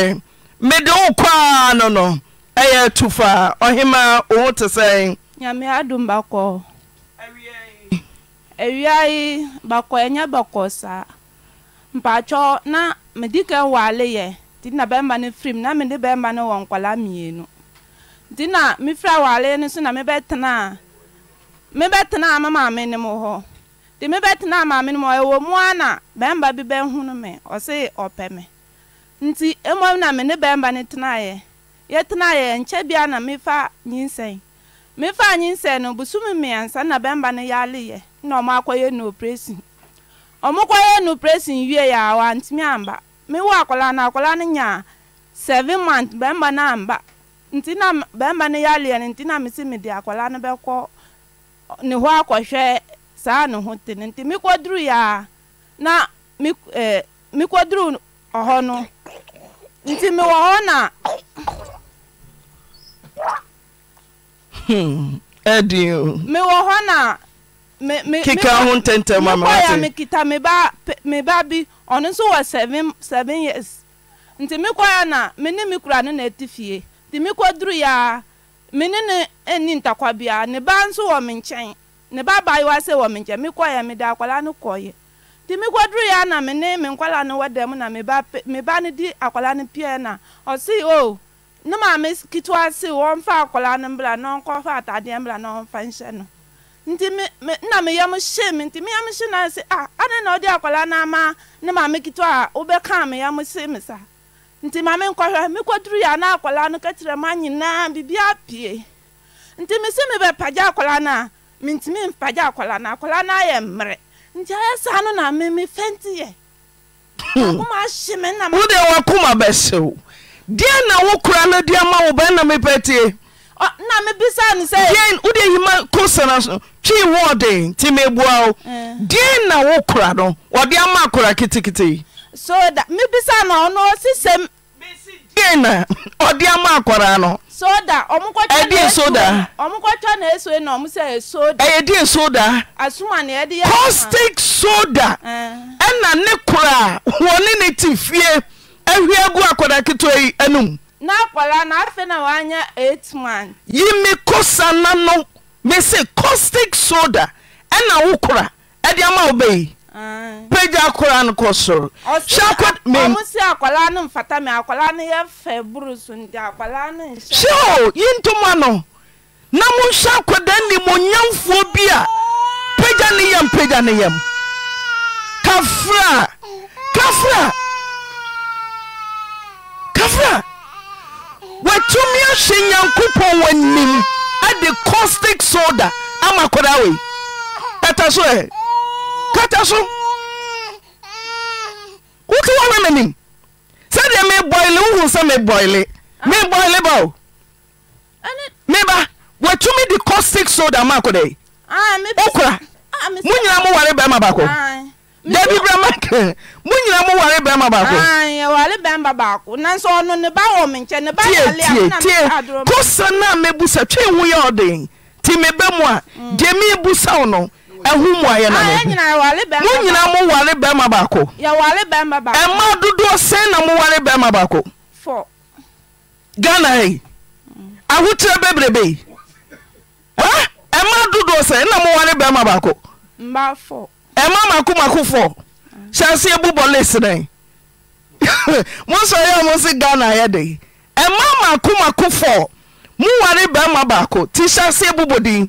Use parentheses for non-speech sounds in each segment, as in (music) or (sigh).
me mede wo kɔaa no no ɛyɛ atu faa ɔhema oho te sɛe nyame adom bakɔ awia yi bakɔ ɛnyɛ saa na medi ka waale yɛ na bɛrima no firim na mede bɛrima no wɔ nkwala mmienu nti na mefira waale no so na mebɛtenaa mebɛtenaa me m hɔ nti maame no m mu na bɛrima bi bɛhunu me ɔse ɔpɛ nti emom na me ne bɛrima no tenaeɛ yɛtenaeɛ nkyɛ bia na mefa nyinsɛn mefa nyinsɛn no na bɛrima no yaaleyɛ na ɔmo akɔyɛ no operation ɔmo kɔyɛ no operation wie a wantumi amba mewɔ akwadaa no akwadaa no nyaa seven month bɛrima no amba nti na bɛrima no nti na mesi mede akwadaa no bɛkɔ ne hɔ saa ne ho te no nti mekɔduru yɛ a na eh, mekɔduru ọhọnụ nti mewɔ hɔ na mewɔ hɔ na kika ho ntɛntɛm amekɔyɛ mekita me ba bi ɔno nso wɔ seven years nti ya na me ne me kura no na ati fie nti mekɔduru ya me ne ne ɛnni ntakwa biara ne ba nso wɔ me nkyɛn ne ba baayewa sɛ wɔ me nkyɛn mekɔyɛ mede akwala no ya. nti mekɔduru yɛ na me ne me nkwala no wɔ dɛm na me ba no di akwala no pia na ɔse o ne maame ketewa se wɔmfa akwala no mbra na ɔnkɔfa atadeɛ mbra na ɔmfa nhyɛ no nti me me na me yam hye me nti me yam hye na se ah ana na ɔde akwala na ama ne maame ketewa a wobɛka me yam se me sa nti maame nkɔhwɛ mekɔduru yɛ na akwala no kakyerɛ ma nyinaa biribia pie nti me se mebɛpagya akwala no a mentimi mpagya akwala no akwala no ayɛ mmerɛ Hmm. wode wakoma saa nọ na mmemme wo kora no de ama wo bɛɛ na mepɛ tie wode ụdị kosana so twii wɔden nti mebua wo eh. deɛ na wo kora no wɔde ama Ụdị ketekete na (laughs) ɔde ama akɔraa no soda ọmụkwọcha na eso da ọmụkwọcha na eso na ọmụ sị soda ɛyɛ di soda asụma na ɛdị ya caustic soda ɛna eh. ne kora wɔne ne ti fie ehwie egu akwadaa ketewa enum. anum. n'akwara na afei na wanya eight man. yi mi kosa n'ano mesi caustic soda ɛna wukora ɛdị ama ọbẹ yi. pagya kora no kɔ soro hyɛo yintoma no na monhyɛ akɔda nimonyamfoɔ bi a pagya ne yam pagya ne yam kafra kafra kafra watumi ahyɛ nyankopɔn w'anim ade caustic soda ama kɔda wei ɛta so ɛ kata so wote wohwɛ m'anim sɛdeɛ mebɔile wohu sɛ mebɔile mebɔile ba o meba watumi de caustic soda ma akɔdɛ ah, okura ah, mo nyina mo ware bɛrima baako ah, dabi bra ma mo nyina mo ware bɛrima baako kosa no a mebusa twe ho yɛ ɔden nti mebɛ mu a mm. deɛ mebusa no ɛho mu ayɛ namo mo nyina moware bɛrima baako ɛma dodoɔ sɛn na moware bɛrima baako ghana ahokyerɛ bɛbrɛbei ɛma dodoɔ na moware bɛrima baako ɛma makomako fɔ hyɛ seɛ bobɔ le senɛ mosɔyɛ (laughs) mo se ghana yɛ de ɛma makomako fɔ bɛrima baako ti din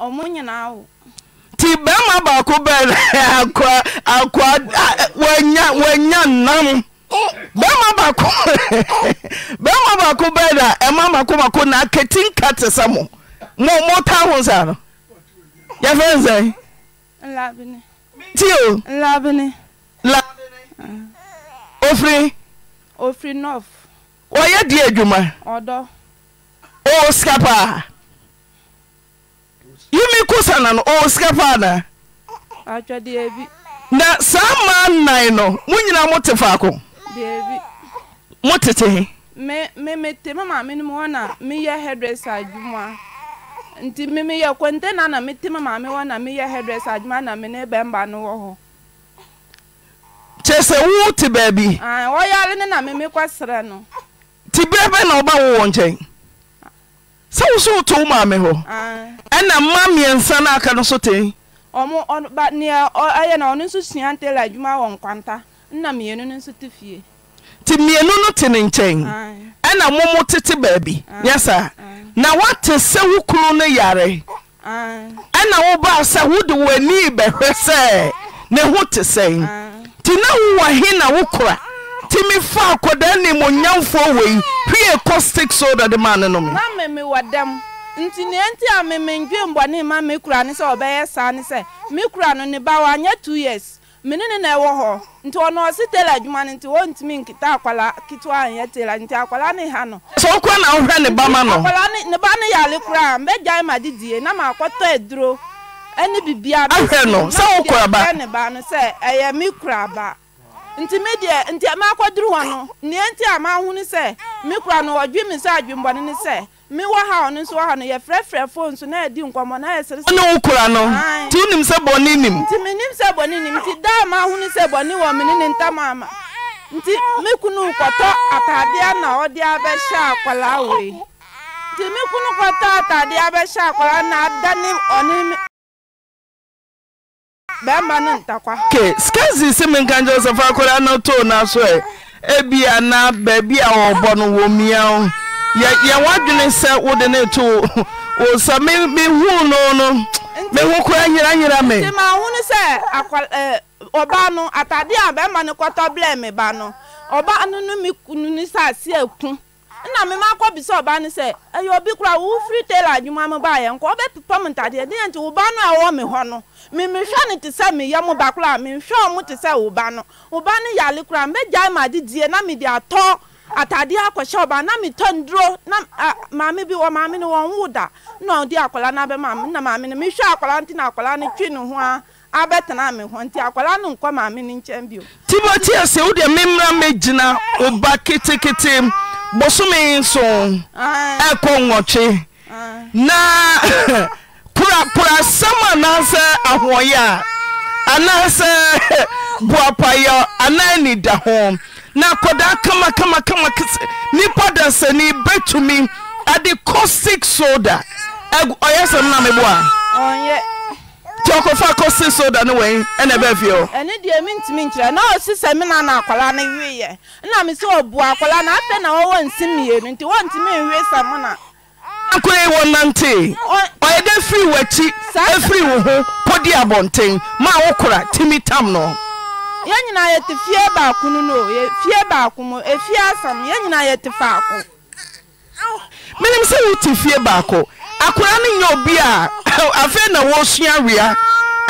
nti bɛrima baako bɛrɛ wanya nnam bɛrima baako bɛrɛ a ɛma makomako na aketinka te sɛ mo mota ho saa no yɛfrɛ n sɛn tio ofiri ɔyɛ deɛ ọdọ. o sikapa yimi kusana no ɔwɔsika oh, paa na na saa maa nnan no mo nyina mote faako motete mete mamaameno mu hɔ na meyɛ hairdress adwuma nti na mete mamaame hɔ na na ne no wɔ hɔ kyerɛ ah, na no sɛ wo so woto wo maame hɔ ah. ɛna ma mmiɛnsa no aka no so te nti mmienu no te ne nkyɛn ah. ɛna momo tete baabi nyɛ ah. saa na woate sɛ wo kunu no yare ɛna wobaa sɛ wode w'ani bɛhwɛ sɛ ne ho te sɛn nti na wowɔ he na wo kora tumi fa akɔdaa nimonyamfoɔ wei hwie kɔ stik soda de maa ne no mema memewɔ dɛm nti neɛnti a memendwembɔne ma me kura ne sɛ ɔbɛyɛ saa ne sɛ me kura no ne ba wɔ anyɛ 2 years mene ne na ɛwɔ hɔ nti ɔno ɔse tela adwuma no nti wɔntumi nkita akwala ketewa anyɛ tela nti akwala ne ha no sɛ wokura na wohwɛ ne ba ma no akwala ne ne ba ne yale koraa mbɛgyae ma de die na maakɔtɔ aduro ɛne bibia ahwɛ no sɛ wokura ba ne ba no sɛ ɛyɛ kura ba nti mi deɛ nti ɛma akɔduru hɔ no nea nti a ma ho ne sɛ mi kura no ɔdwi mi sɛ adwimbɔne ne sɛ mi wɔ ha ɔno nso wɔ ha no yɛfrɛfrɛ fone nso na yɛdi nkɔmɔ na yɛ sere. ɔne wo kura no nti wonim sɛ bɔne nim. nti mi nim sɛ bɔne nim nti da ma ho ne sɛ bɔne wɔ mi ne ne ntam ama nti mi kunu kɔtɔ ataadeɛ na ɔde abɛhyɛ akwaraa wɔ yi nti mi kunu kɔtɔ ataadeɛ abɛhyɛ akwaraa na ada ne ɔne bɛrima no ntakwa skasi sɛ menka nkyɛ sɛ akwara anọ to na so ɛ na baabi a wɔbɔ no wɔ mmia wo yɛwoadwene sɛ wode ne to wo sɛ mehu no no meho kora nyeranyera me mahono sɛ ɔba no atade a bɛrima no kɔtɔ blɛ me ba no ɔba no no me kunu no sɛ nna mi ma kɔ bisɛ ɔba ni sɛ ɛyɛ obi kura wo firi tailor adwuma mu ba yɛ nkɔ ɔbɛ pipɔ mu ntadeɛ deɛ nti wo ba no a ɛwɔ mi hɔ no mi mi hwɛ ne ti sɛ mi yɛ mu ba kura mi hwɛ ɔmo ti sɛ wo ba no wo ba no yale kura mbɛ gya ma adi die na mi de atɔ atadeɛ akɔhyɛ ɔba na mi tɔ nduro na maame bi wɔ maame ni wɔn wo da na ɔde akɔla na bɛ maame na maame ni mi hwɛ akɔla nti na ni twi ne ho a. abɛtena me hɔ nti akwara no nkɔ maame no nkyɛn bio tibɔti ase wodeɛ memmra mɛgyina oba ketekete bɔsome nso, ɛkɔ nwɔtwe na korapurasɛm (laughs) anaasɛ ahoɔyɛ a anaasɛ (laughs) boapayɛ anaa nida ho na akɔdaa kamakamakama nnipa da sani bɛtumi ade costic soda ɔyɛ sɛm na meboa nti ɔkɔfa kɔse soda ne wai ɛna bɛfie hɔ ɛne deɛ mentumi nkyerɛ na ɔse sɛ me na na akwala ne weeɛ na me sɛ ɔboa akwara na afɛ na wɔwɔ nsimmienu nti wɔntumi nwe sɛ mo na akoyi wɔnante ɔyɛ dɛ firi w'akyi ɛfiri e wo ho kɔdi abɔnten ma wokora timi tam no yɛn nyinaa yɛte fie baako no no fie baako mu efie asam yɛn nyinaa yɛte faako menim sɛ wote fie baako akwadaa no nya obi a (clears throat) afei na wɔsua awia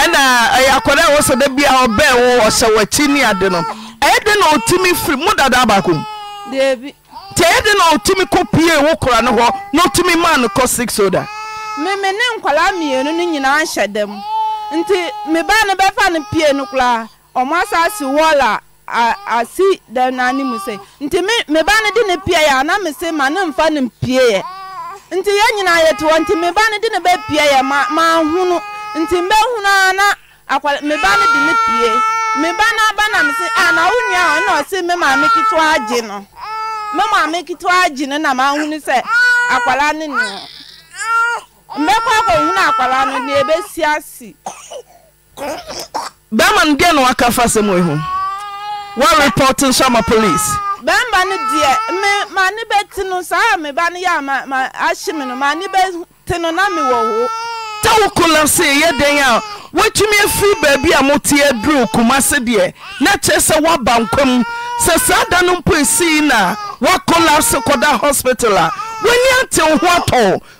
ɛna ɛyɛ akwadaa a wɔsɛ da bia ɔbɛn wo ɔsɛ w'akyi ne ade no ɛyɛ de na ɔtumi firi mu dada baako mu nti ɛyɛ de na ɔtumi kɔ pie wo kora no hɔ na ɔtumi maa no kɔ six soda meme ne nkwadaa mmienu no nyinaa hyɛ dɛm nti meba no bɛfa no pie no koraa ɔmo asa si wɔl a asi dɛm n'anim sɛ nti meba no de ne pie yɛ a na mese ma ne mfa ne mpie yɛ nti yɛn nyinaa yɛte hɔ nti meba no de ne bɛpie yɛ mahunu nti mbɛhunu a na akwara meba no de ne pie meba no aba na me se a na wo nua a na ɔse me maame ketewa agye no me maame ketewa agye no na mahunu sɛ akwara no ne mbɛkɔ akɔhunu akwara no ebe si asi. bɛrima no deɛ na waka fa asɛm wei ho wɔrepɔte nso ama polisi bɛrima no deɛ me ma ne bɛti no saa a ma ma no ma ne bɛti no na mewɔ ho ta wo kolapse a woatumi afiri baabi a mote aduru kuma se deɛ na kyerɛ sɛ na woakolapse hospital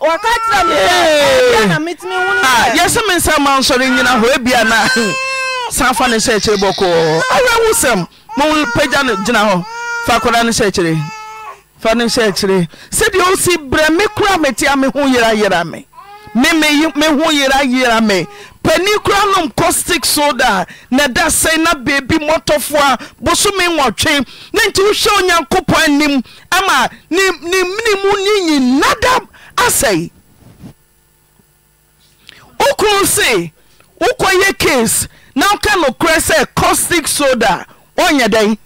waka kyerɛ me sɛ na metumi wono yɛsɛ me nsɛ ah, ma nsɔre nyina hɔ ebia na (laughs) san fa ne hyɛ akyire bɔkɔɔ awerɛ wo sɛm ma wo pagya no gyina hɔ fa akɔda ne hyɛ akyire fa ne hyɛ akyire sɛdeɛ ɔsi berɛ me kora metia me ho yera yera me me me me ho yera yera me pani kora nom caustic soda na da sɛn na beebi mɔtɔfoɔ a bosome nwɔtwe ne nti wohyɛ onyankopɔn anim ama ne ne ne mu ne nyinada asɛe wo kunu se wokɔyɛ case na woka nokorɛ sɛ costic soda ɔnyɛ dɛn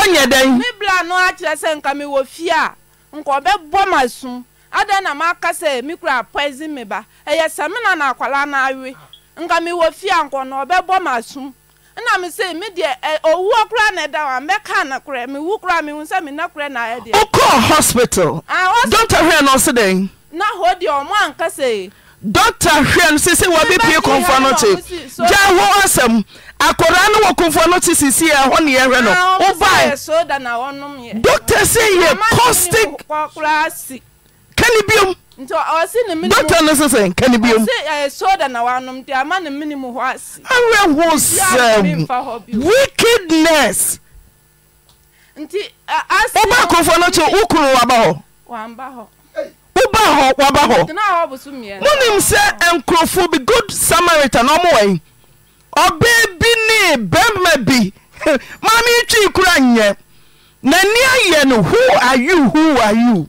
ɔnyɛ dɛnmebla no akyerɛ sɛ nka mewɔ fie a nka ɔbɛbɔ ma so adɛn na maaka sɛ me poison me ɛyɛ sɛ na na akwala na awe nka mewɔ fie a nka ɔna ɔbɛbɔ ma so na me say me deɛ eh, owuo kura na ɛda wa mɛka na kura mi wu kura mi nsa mi na kura na ayɛ deɛ. okɔ hospital. ah hospital doctor hwɛ na ɔsi dɛn. na hɔ deɛ ɔmo ankasa yi. doctor hwɛ no sisi wɔ bi pie kunfɔ no ti gya ho asɛm akwadaa no wɔ kunfɔ no ti sisi yɛ hɔ ne yɛ hwɛ no o ba yi doctor say yɛ caustic kani biom dɔkta no sɛ sɛ nka ne biomwerɛ eh, ho sɛm wickedness woba eh, akorɔfoɔ no kye wo kunu waba hɔ woba hɔ waba hɔ monim sɛ nkurɔfoɔ bi good samaritan ɔmo wɔi ɔbɛɛ bi ne bɛrima bi (laughs) maame twi kora nyɛ n'ani ayɛ no who are you who are you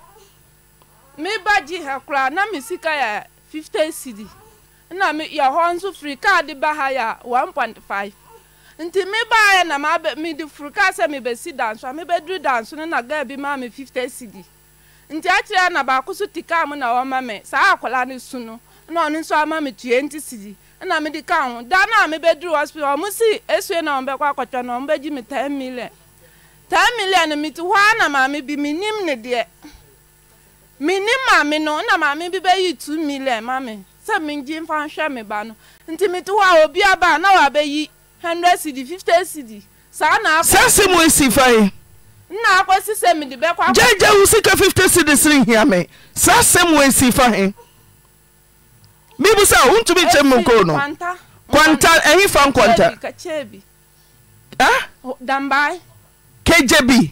me bagye ha koraa na me sika yɛ fifty cedi na me yɛ hɔ nso firi kaadi ba ha yɛ one point five nti me baayɛ na ma me de firi kaa sɛ me bɛsi danso a me bɛduru danso na gaa bi maa me fifty cedi nti akyerɛ na baako so ti kaa mu na wɔma me saa akwadaa no su no na ɔno nso ama me twenty CD, na me de kaa ho da na me bɛduru hospital ɔmo si esue na ɔmo bɛkɔ akɔtɔ na ɔmo bɛgye me ten million ten million mi ti hɔ ana maame bi mi nim ne deɛ mi ni maame no na maame bi bɛyi two million ma mi sɛ mi gye nfa nhwɛ mi ba no nti mi ti hɔ a obi aba na wa bɛyi hundred cd fifty cd saa na akɔ. sẹ́sì mu esi fa yi. nna akɔ sise mi de bɛ kɔ akɔ. jẹjẹ wusi fifty cd siri hia mi sẹ́sì mu esi fa yi. bíbu o ntumi kyẹ́ mu kúrò no kwanta ẹ̀yin fa nkwanta. kẹjẹ bi. dambai. kẹjẹ bi.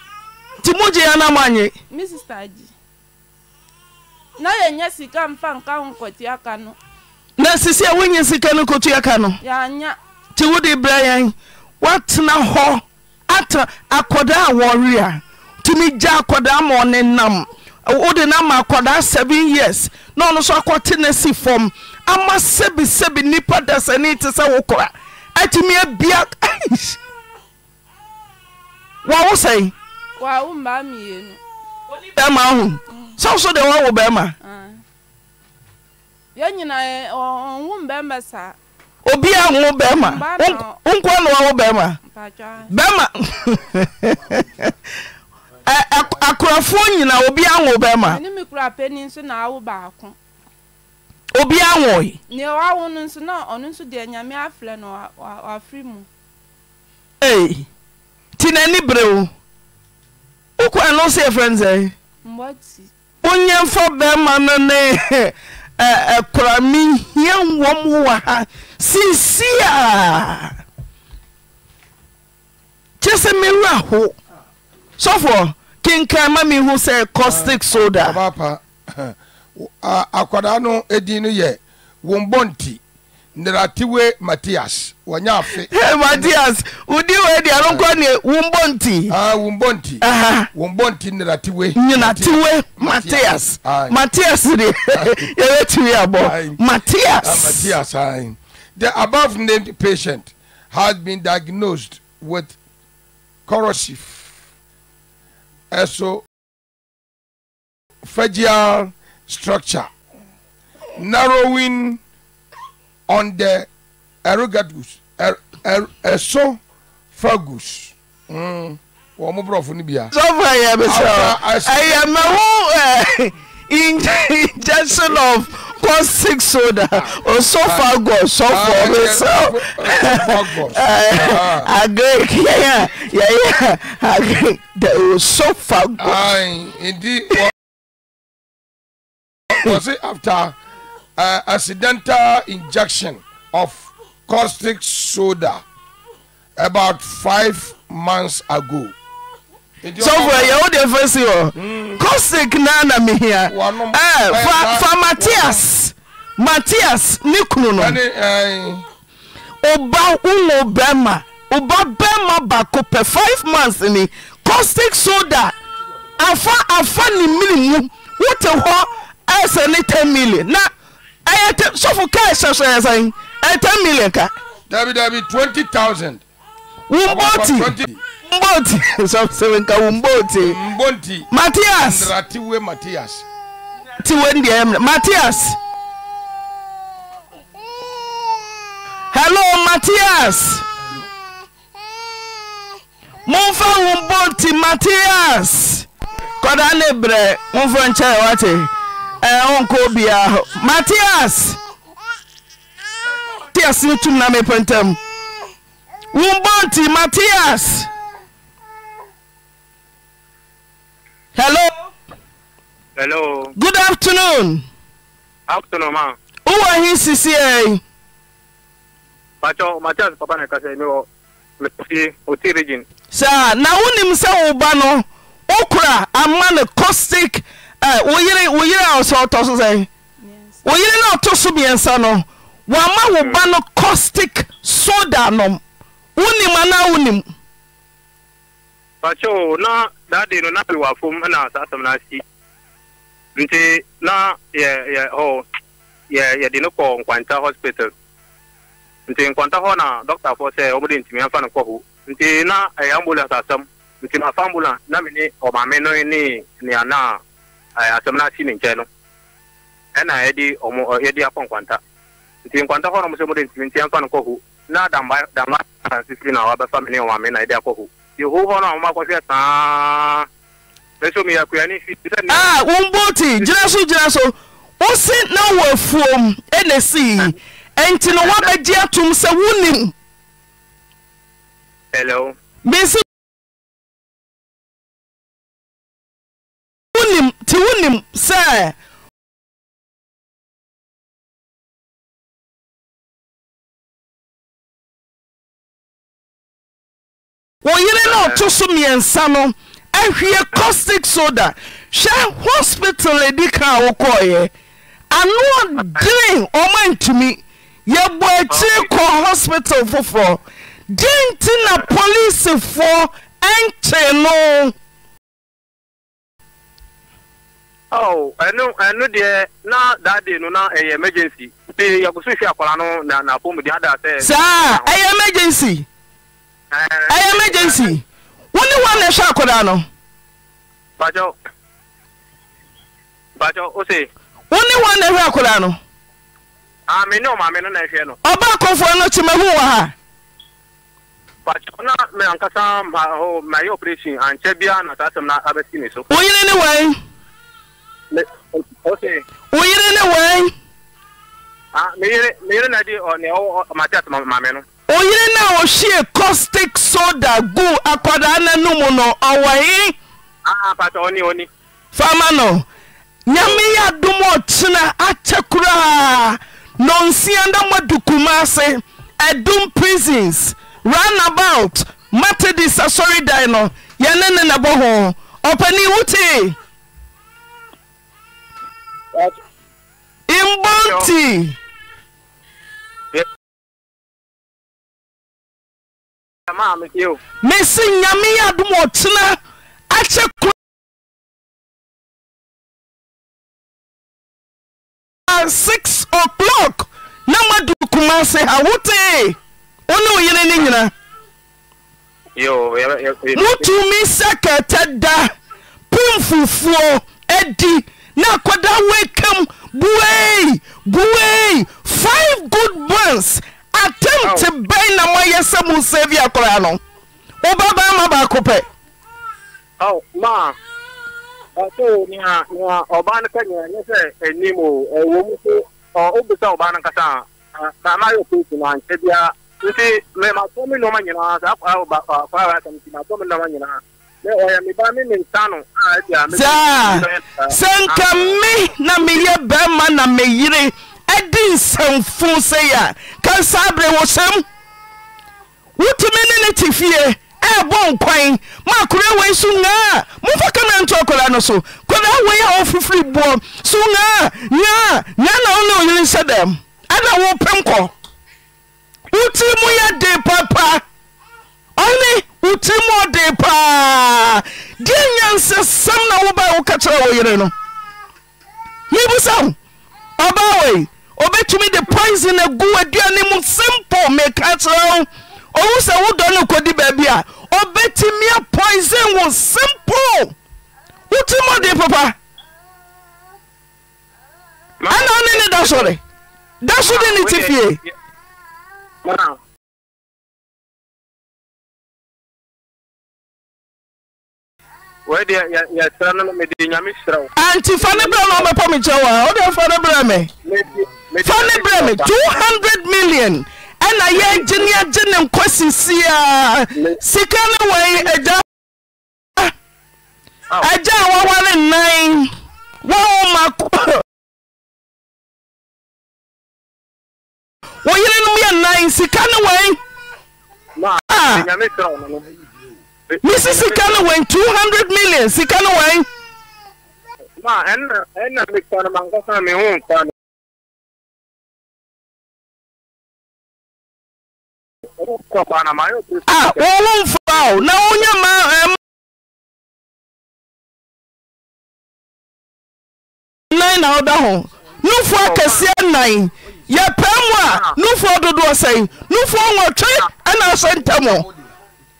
tụmụ mogye ya anam anye me sista gye na yɛnyɛ sika mfa nka ho nkɔtua ka no na sisi a nyesi sika no ya ka ya anya nti dị brɛ yɛn woatena hɔ ata akɔdaa a wɔre a tumi gya akɔdaa ma ɔne nam wode no ama akɔdaa years na ɔno nso akɔte no si fam ama sɛbisɛbi nnipa dasani te sɛ wo kora atumi abia wawo sɛe mba bɛrima ahu sɛ so deɛ woawo bɛrima ah. obi a nwo bɛrima wonkɔ na wawo bɛrima bɛrima (laughs) akorafoɔ nyina obi anwo bɛrima obi anwoe nti n'ani bere wo wokɔ ɛno so yɛfrɛ ne sɛ wonyɛ mfa bɛrima no ne ɛkora mehia wɔm wowɔ ha sinsie a kyɛ sɛ mewura ho sɔfoɔ kenkan ma mehu sɛ caustic soda (clears throat) akwadaa no edin no yɛ wombɔnti nneratiwe matias wɔnyɛ afe. (laughs) matias wudi wo edi anokɔ ni wumbo nti. aa ah, wumbo nti. wumbo nti nneratiwe. nneratiwe matias matias de yɛrɛ tiwi abɔ matias. (laughs) matias ah, the above named patient has been diagnosed with corrosive esophageal structure narrowing on the erogatus esophagus hmm. wɔn mo borɔfo no bia. sɔfo ɛyɛ mi sɔ ɛyɛ mɛwo ɛɛ injection of caustic soda esophagus sɔfo mi sɔ ɛɛ agric yɛyɛ yɛyɛ agric the esophagus. nti wɔ wɔ se after uh, accidental injection of caustic soda about five months ago. sọfọ ẹ yẹwò de fẹsi ọ caustic náà nà mí hìá ẹ fa fa Matthias Matthias ní kunu nù ọba ńwó bẹẹma ọba bẹẹma baako pẹ five months ni caustic soda afa afa ni mìlì mu wọ́n ti họ ẹ ní ten million na ɛyɛ tɛ sɔfo kaa ɛhyɛ so ɛyɛ sɛn ɛyɛ ten million ka. dabi dabi twenty thousand. wo booti mbooti sɔfo nka wo mbooti. mbooti matias. ndra tiwe matias. tiwe ndi ɛyɛ matias. hello Matthias. momfa wo Matthias. matias. kɔdaa ne brɛ momfa nkyɛn wate ɔnkɔ eh, obiara hɔ matias matias no tum na mepɛ ntam wombɔnti matias hello hello good afternoon afternoon ma wowɔ he sisi ɛ patɔ matias papa na ɛkasɛ ne wɔ mepie ɔti region saa na wonim sɛ wo ba no wokora ama ne caustic Eh, wo yere a ọtọ so sɛ wo yere na ɔto so miɛnsa no wɔama wo ba no costic soda nom na daade no na pɛ na saa asɛm nti na yɛde nkwanta hospital nti nkwanta họ na dɔktafoɔ sɛ ntumi nti na ambulance nti na a asɛm no ase ne nkyɛn no ɛna yɛde ɔmo yɛde akɔ nkwanta nti nkwanta hɔ nom sɛ mo de ntumi nti ɛmfa no kɔ ho na damba damba asase firi na wabɛfa me ne ɔma na yɛde akɔ ho nti ho hɔ no a moma akɔhwɛ saa mɛso meyɛ akua ne fi sɛ a ah, womboti gyina so gyina so wosi na wɔ afuom ɛna sii ɛnti no woabɛgye atom sɛ wonim hello mesi nti wonim sɛ wo yere na ɔto so mmiɛnsa no ahwie costic soda hwɛ hospital adi kaa wokɔɔeɛ anoɔden ɔma ntumi yɛbɔ akyiri kɔ hospital foforɔ deɛ nti na polisefoɔ ɛnkyee no Oh, ẹnu ɛnu deɛ na daade no na ɛyɛ eh, emergency nti yɛkoso akwara no na na fom ada saa ɛyɛ emergency ɛyɛ emergency wọn ni wọn na ɛhwɛ akwara no. bàjọ bàjọ o se. wọn ni wọn na ɛhwɛ akwara na ti ma hu ha. bàjọ na mɛ ankasa ma operation na na so. wọ́n ni wo yere ne wɛn. Ah, na oyere oh, oh, oh, na ɔhwie caustic soda gu akwadaa n'anum no ɔwɔ he. pata fama no nyame yɛ adom ɔkyena akyɛ koraa nɔnsia na moadu kuma ase ɛdum prisons runabout asɔredan no yɛne ne ne bɔ ho Mbonti. mesi nyame yɛ adom ɔtena akyɛ kuro six o'clock na madu kuma se ha wotee wo ne wo yere ne nyina motumi sɛ kɛtɛ da pom fufuo adi na akɔda woekam buei buei five good months attempt bɛn na moayɛ sɛ mo savia koraa no wobabaa ma baako pɛ maa ɛso nea nea ɔbaa no ka nyɛ nyɛ sɛ anim o ɛwɔ mu so wobisa ɔbaa no nkasa a maamayɛ ɔpɛsi no ankyɛ bia nti matɔ me nɔɔma nyinaa saa akwaraa asɛm nti matɔ me nɔɔma nyinaa saa sɛ nka me na meyɛ bɛrima na meyere ɛdi e nsɛmfo sɛ yɛ a ka saa bere wo sɛm wotumi ne ne te fie ɛɛbɔ e nkwan ma akora wei so ngaa momfa kamera nto akora no so kora wei a wɔfifiri boɔ so ngaa nyaa nyaa na wo ne oyere nsɛ dɛm ana e wopem kɔ wotiri mu yɛ de papa ɔne wotirim ɔde paa deɛ nyansesɛm na woba woka kyerɛ wo yere no mebusa wo ɔba wei obɛtumi de poison agu aduane mu simple meka kyerɛ wo ɔwu sɛ wodɔ no kɔdi baabi a ɔbɛtumi a poison wo simple wotirim ɔde papa ana ɔne ne da sɔre da so ne te fie anti fa ne berɛ no ɔmɛpɔ me kyɛ wɔ a wode fa ne berɛ me fa ne berɛ me 200 million ɛna yɛagye ne agye ne nkɔ a sika ne wei agya agya a wɔware nnan wɔwo ma wo yere nom yɛ nnan sika ne wei mesi sika no wɔn 200 million sika no wɔiwɔ ho mfawo na ah, wɔnya manan na woda ho nofoɔ akɛseɛ nan yɛpɛi mu a ah. no foɔ dodoɔ sɛi nofoɔ wɔtwe ɛna asɔntɛmɔ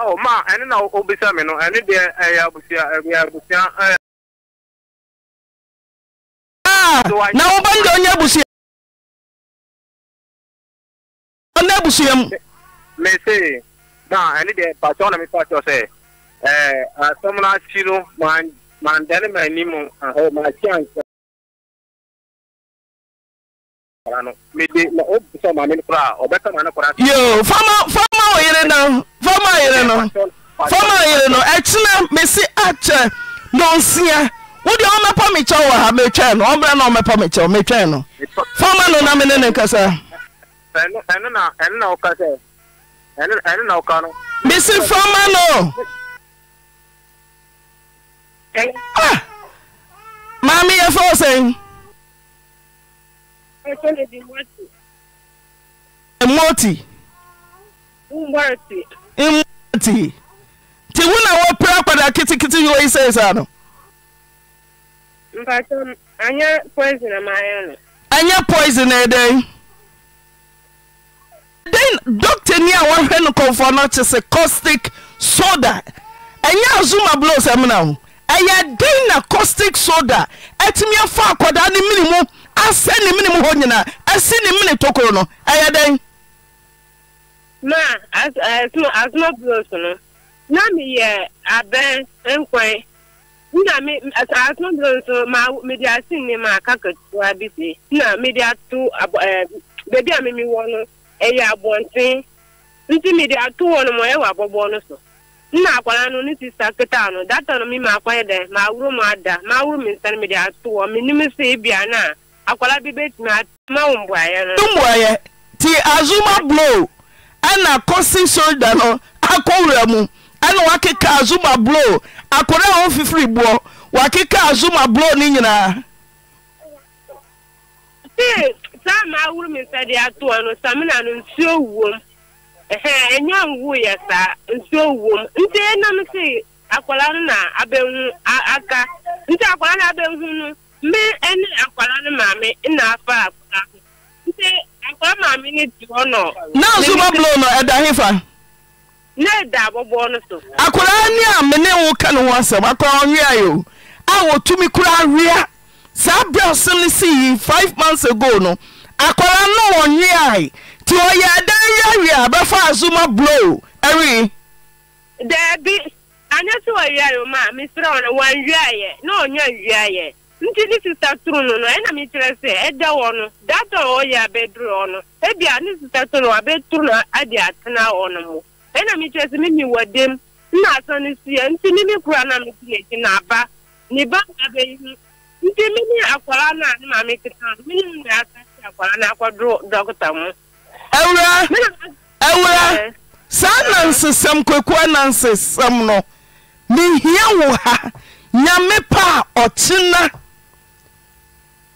ọ oh, maa ẹni na obisa mi no ẹni deɛ ɛyɛ abusua ɛyɛ abusua ɛyɛ. na woba ndɛ onye abusua ɔna abusua mu mese na ɛne deɛ patɔ na mefa kyɛ sɛ asɛm no akyi no mandɛne m'anim makyi ansa no mede na obisa ma me no koraa ɔbɛka ma no koraa yo fama fama yer fmayere no foma yere no ɛkyena mesi akyɛ dɔnsia wodeɛ womɛpɔ mekyɛ wha metwɛn no ɔbra na omɛpɔ mekyɛwo metwɛn no fama no na mene ne kasa mese fama no ah! maa meyɛfɛɔ sɛn nti wo na wɔpra akwada ketekete yɛɔyi sɛe saa no anya poison ɛdɛn den anya a wɔhwɛ no kɔmfoɔ no kye sɛ costic soda ɛnyɛ azoma blo sɛm na ho ɛyɛ den na costic soda atumi afa akwadaa ne mene mu asɛ ne mene mu hɔ nyinaa asi ne mene tokoro no ɛyɛ dɛn ma asomabroso no na yɛ abɛn nkwan na me asomabroso ma mede ase ne ma aka ketewa bi se na mede ato baabi eh, a meme wɔ no ɛyɛ abɔnten nti mede ato hɔ no ma ɛwɔ abɔbɔ nọ so nna akwara no ne sista keta no data ma akwa ya dɛ ma aworo m ada ma aworo me nsa no mede ato hɔ menim sɛ ebia no a akwara bi bɛtumi ma wo ndị no mboayɛ ti azụma blow ɛna cɔsin solda no akɔwura mu ɛne wakeka azoma bloo akɔne a wɔ fifiri boɔ wakeka azoma bloo no nyinaa saa ma awuru mi nsa de atoɔ no samina no nsuo wom ɛnyɛ nwuyɛ saa nsuo wom nti ɛnam si akwara no na abɛhu aka nti akwara no abɛhu no me ne akwara no maame na afa nkwa maame ne di hɔ nɔ. nọọsụ bọbụlụ nọ ɛda hefa. ne da bɔbɔ no so. akwadaa ni a mene wo ka ne ho asɛm akwadaa ɔnwea yi o a wotumi kura awea saa abirɛ ɔsɛn ne si yi five months ago no akwadaa no ɔnwea yi ti ɔyɛ ɛda awea abɛfa azuma blow ɛri. dɛbi anyasị wɔ awea yi o ma mesiri ɔno wɔn awea yɛ na ɔnyɛ awea yɛ. ntili sista turu no ɛna sɛ ɛda wɔ no data a ɔyɛ abɛduru no a ne sista turu no no adi atena no mo ɛna sɛ wɔ na ne si nti mi kura na mi ti n'akyi n'aba ne ba abɛyi nti akwara na ne maame kita no mi mi na si akwara na akɔduru dɔkita ewura ewura saa no wɔ ha nyame pa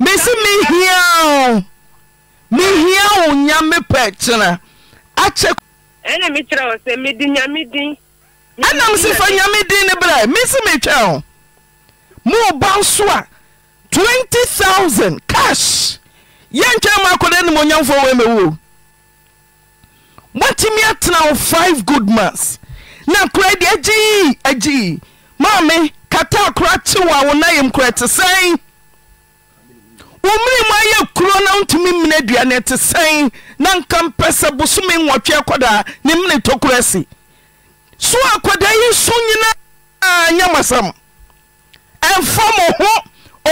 mesi mehiao mehia wo nya me pɛ kyena akyɛ anam si fa nyame din ne brɛ mesi metweɛ ho moɔba so a 20 us cash yɛ ntwɛm akɔdɛ ne m onyamfoɔ wɔ mwu wotimi atena wo five good mas na kora ade agyii agyii maame kata kora kyewo a wo na yim korɛte sɛi wo mmerɛ mu ayɛ kuro na wontumi mmina aduane te sɛn na nka mpɛ sɛ bosome nwɔtwe akɔdaa ne mene tɔkoro asi so akɔdaa yi so nyinaa nyamasɛm ɛmfa mo ho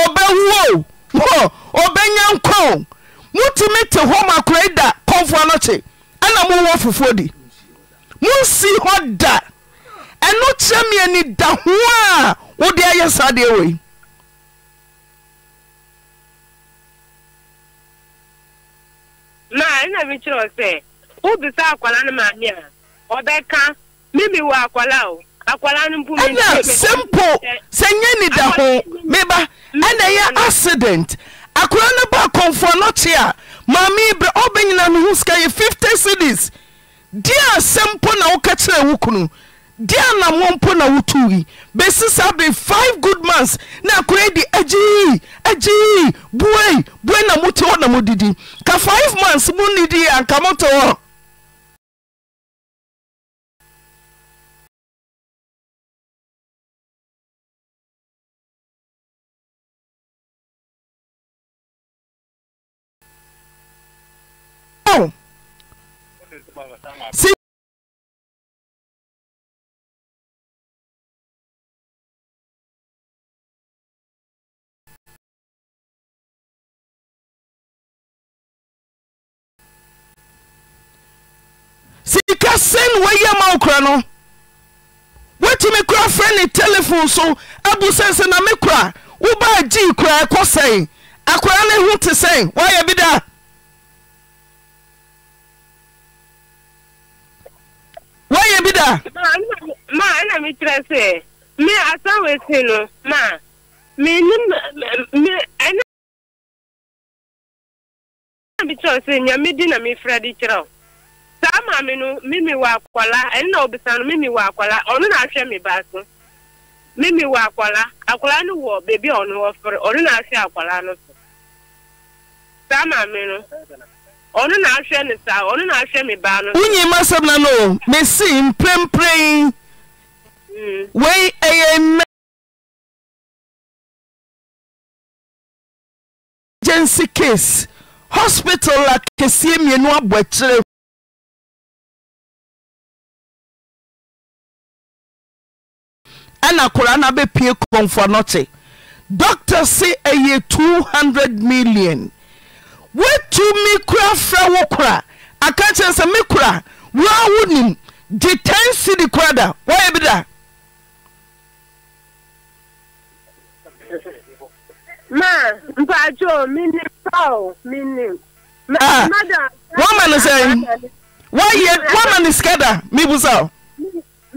ɔbɛwuo hɔ ɔbɛnya nkɔn motumi te hɔ ma korai da kɔmfoa no kye ɛna mowɔ fufuo di monsi hɔ da ɛno kyerɛ miani da ho a wode ayɛ saa deɛ wei na nna m chere ọsị obisa akwala anụ m amị a ọbịaka mimi wụ akwala o akwala anụ mpụ m na simple sɛ nyɛ ni da ho meba ɛna ɛyɛ accident akwara no ba akɔmfoɔ no a maame brɛ ɔbɛnyina no ho sika yɛ 50 cities deɛ asɛm mpo na woka kyerɛ kunu dị a na mo mpo na wotoi bɛsi saa bere 5 good mans ne akoraa di agyii agyii buei buei na mote hɔ na modidi ka 5 months monedi anka mote hɔ oh. sika sɛn wɔyɛ ma wo kora no woatumi kora frɛ ne telefone so abu sɛn sɛ na me kora wobaa gyii koraa ɛkɔ sɛn akora ne ho te sɛn woayɛ bi da woayɛ bi da ma ɛna mekyerɛ sɛ me asa wesi no ma menim ɛna mekyerɛ sɛ nyame di na mefrɛ de kyerɛ wo na minu mimi wa akwala ɛne na obisa no mimi wa akwala ɔno na ahwɛ me ba so mimi wa akwala akwala no wɔ beebi a ɔno wɔfere ɔno na ahwɛ akwala no so saa maame no ɔno na ahwɛ ne saa ɔno na ahwɛ me ba no. wunyi masam na no mesi mprempren hmm. wei ɛyɛ e mme. emergency case hospital a kɛseɛ mmienu abɔ akyire ɛna kora na bɛpie kɔmfɔ no kye dɔkta se ayɛ 200 milion woatu me kura frɛ wo kora aka kyerɛ sɛ me kora wɔawo nim gye tansedi kora da wɛ bi da ah,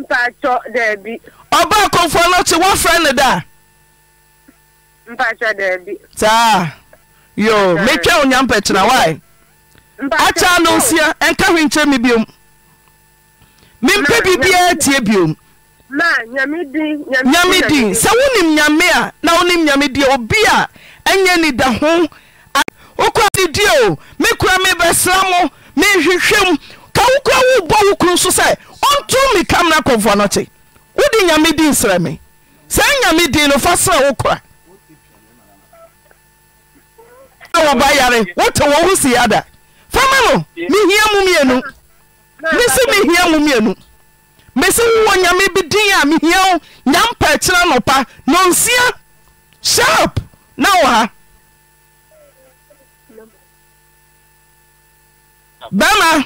mpatsɔ dɛbi. ɔba akɔnfo ɔlɔtí wɔn fɛ ne da. mpatsɔ dɛbi. saa yoo metwa onya mpɛtena wae. akyɛ no nsia ɛnka hwe nkyerɛ me biom mempɛ biribiaa tie biom nyame din sɛ wonim nyame a na wonim nyame deɛ obi a ɛnyɛ ni da ho wokɔ ne die o me kura mebɛsra mo mehwehwɛm sɛ wokora wobɔ wo kuro so sɛ ɔnto me kam no akɔmfoɔ no kye nyame din serɛ me sɛ nyame din no fa serɛ wo kora wɔba yare wote wɔ ho si ada fama no mehia mu mienu me se mehia mu mienu mese wowɔ nyame bi din a mehia wo nyampa kyerɛ nɔpa nonsia sharp na wɔ ha bɛma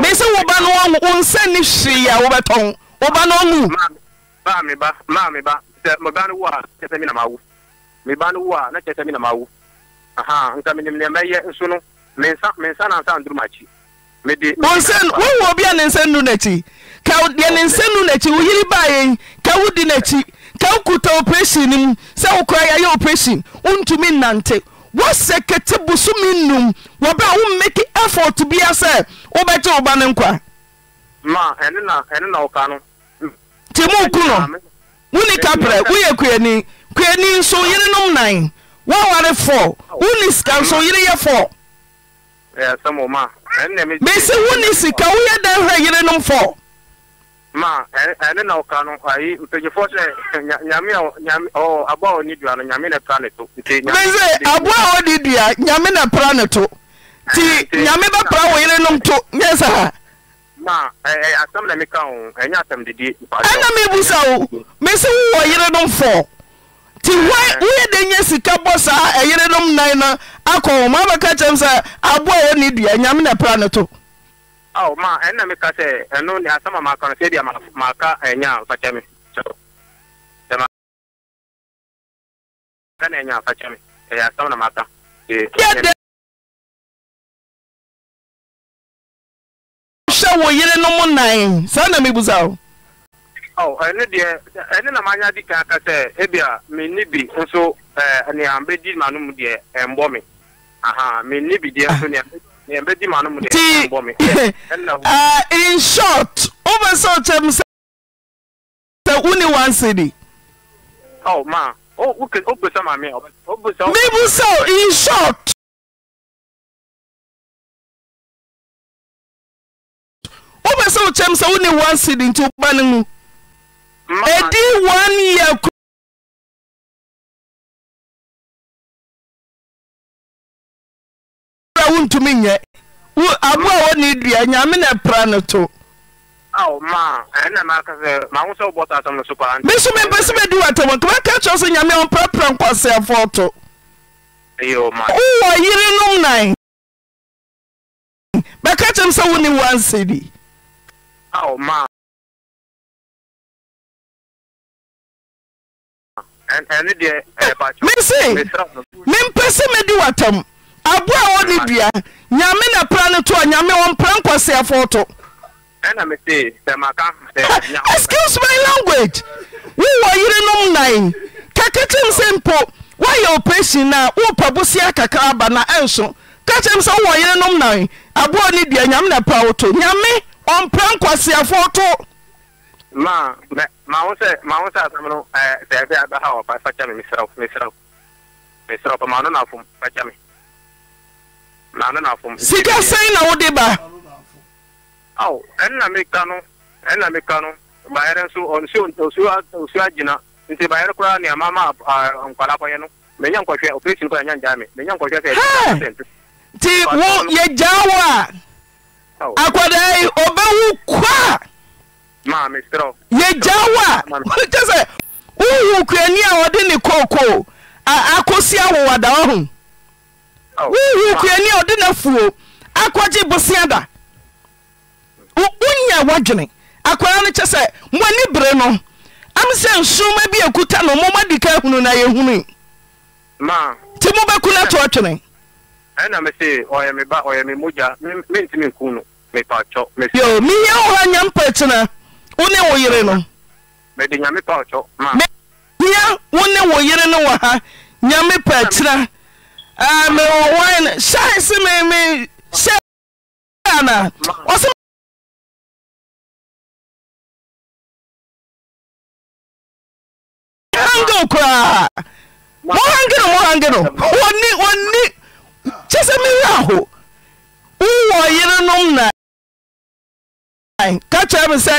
mese oh, wo ba no ɔwo wo nsɛ ne hwee a wobɛtɔn wo ba no ɔmu meba no wo a na kyerɛ sɛ aha nke menim nea mɛyɛ nso no mensa mensa na ansa nduru makyi mede wonsɛ wowo obi a ne nsɛ nnu n'akyi ka deɛ ne nsɛ nnu n'akyi wo yiri baa yɛn ka wodi n'akyi ka wokuta operation no mu sɛ wokora yɛayɛ operation wontumi nnante woasɛ kete bosome num wɔbɛ a womeki effort bia sɛ wobɛgye wo ba ne nkwa nti muku no woni kaprɛ woyɛ kuani kuani nso yerenom nan woaware fɔ woni sika nso yere yɛ fɔ mesi woni sika woyɛ dɛn hwɛ yerenom fɔ ma ɛne eh, eh, ah, eh, oh, na ɔka no ayi mpanyinfoɔ sɛ nyame a ɔ aboa a ɔni dua no nyame na pra ne to. mese aboa a ɔdi dua nyame na pra ne to ti nyame bɛ pra wɔ yerenom to nyɛ saa. ma ɛɛ asɛm na meka o ɛnyɛ asɛm didi. ɛna mebusa o mese wowɔ yerenom fɔ ti hwai woyɛ de nyɛ sika bɔ saa ɛyerenom nan na akɔ ma abɛka kyɛm sɛ aboa a ɔni dua nyame na pra ne to. aw ma ɛnna mi ka sɛ ɛnu ni asama maa kan sebi a maa ka ɛnya nfakyɛ mi dama kana ɛnya nfakyɛ mi ɛyɛ asama na maa ka. hyɛ wo yere no mu nan saa na mebusa wo ɔ ɛne deɛ ɛne na manya di kan ka sɛ ebia menni bi nso ɛɛ nea mbɛdi ma no mu deɛ ɛmbɔ me aha menni bi deɛ nso nea mbɛdi ma no mu deɛ inshot wobɛ sɛ wokyɛm ɛ sɛ wo ne asedyibusɛ inshotwobɛ sɛ wo kyɛm sɛ wone asedy nti woba no muadi wan ya a wontumi yɛ waboa wɔ ne dua nyame na ɛpra no tomiso mempɛsɛ mdi watam ɔkamɛka kyeɛw so nyame ɔmpra pra nkɔseafo ɔto wowɔ yeri nom na bɛka kyɛm sɛ wo ne woansedi aboa wɔ ne bua nyame napra no to a nyame ɔmpra nkɔseafo tosksmy languag wowɔ yerenom nae kɛkekyɛm sɛ mpo woyɛ opɛ sin noa wowɔpa busia kaka aba na ɛnso ka kyɛm sɛ wowɔ yerenom nae aboa o ne bua nyame napra wo to nyame ɔmpra nkɔseafoɔ to m sika sɛn na wode ba aw ɛnna meka no ɛnna meka no bayɛrɛ nso ɔnso ɔnso agyina nti bayɛrɛ koraa nea mama nkwalaa kɔyɛ no menya nkɔhwɛ operation kɔ yɛnya ngyaa me menya nkɔhwɛ sɛ nti wo yɛgyaa wo a akwadaa yi ɔbɛwu kwa yɛgyaa wo a kyɛ sɛ wohu kurani a ɔde ne kookoo akɔsi awowadaa ho wohuu kuani a ɔde na fuo akɔgye boseada wonya w'adwene akwara no kyɛ sɛ moani bere no am sɛ nsoma bi akuta no momma di ka hunu na yɛhunui nti mobɛku no toɔ twene mehia wo ha nya mpa kyena wo ne wo yere no mehia wo ne wo yere no wɔ ha nyame pa kyena Eh, nsyɛe sememeɛanaɔhanke koraa mɔhanke no mɔhanke no ni kyɛ sɛ mewɛ aho wowɔ yerenom n ka kyerɛ me sɛ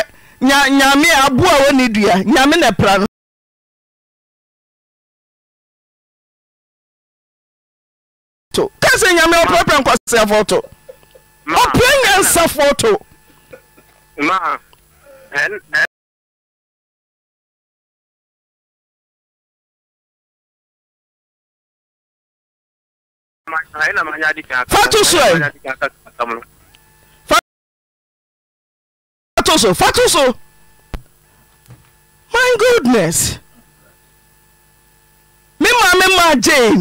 nyame a aboa wɔnni dua nyame nɛ pra no kase nyameoprapiankosiafotʋ opia ya safotʋtsts fats my goodness mema mema jan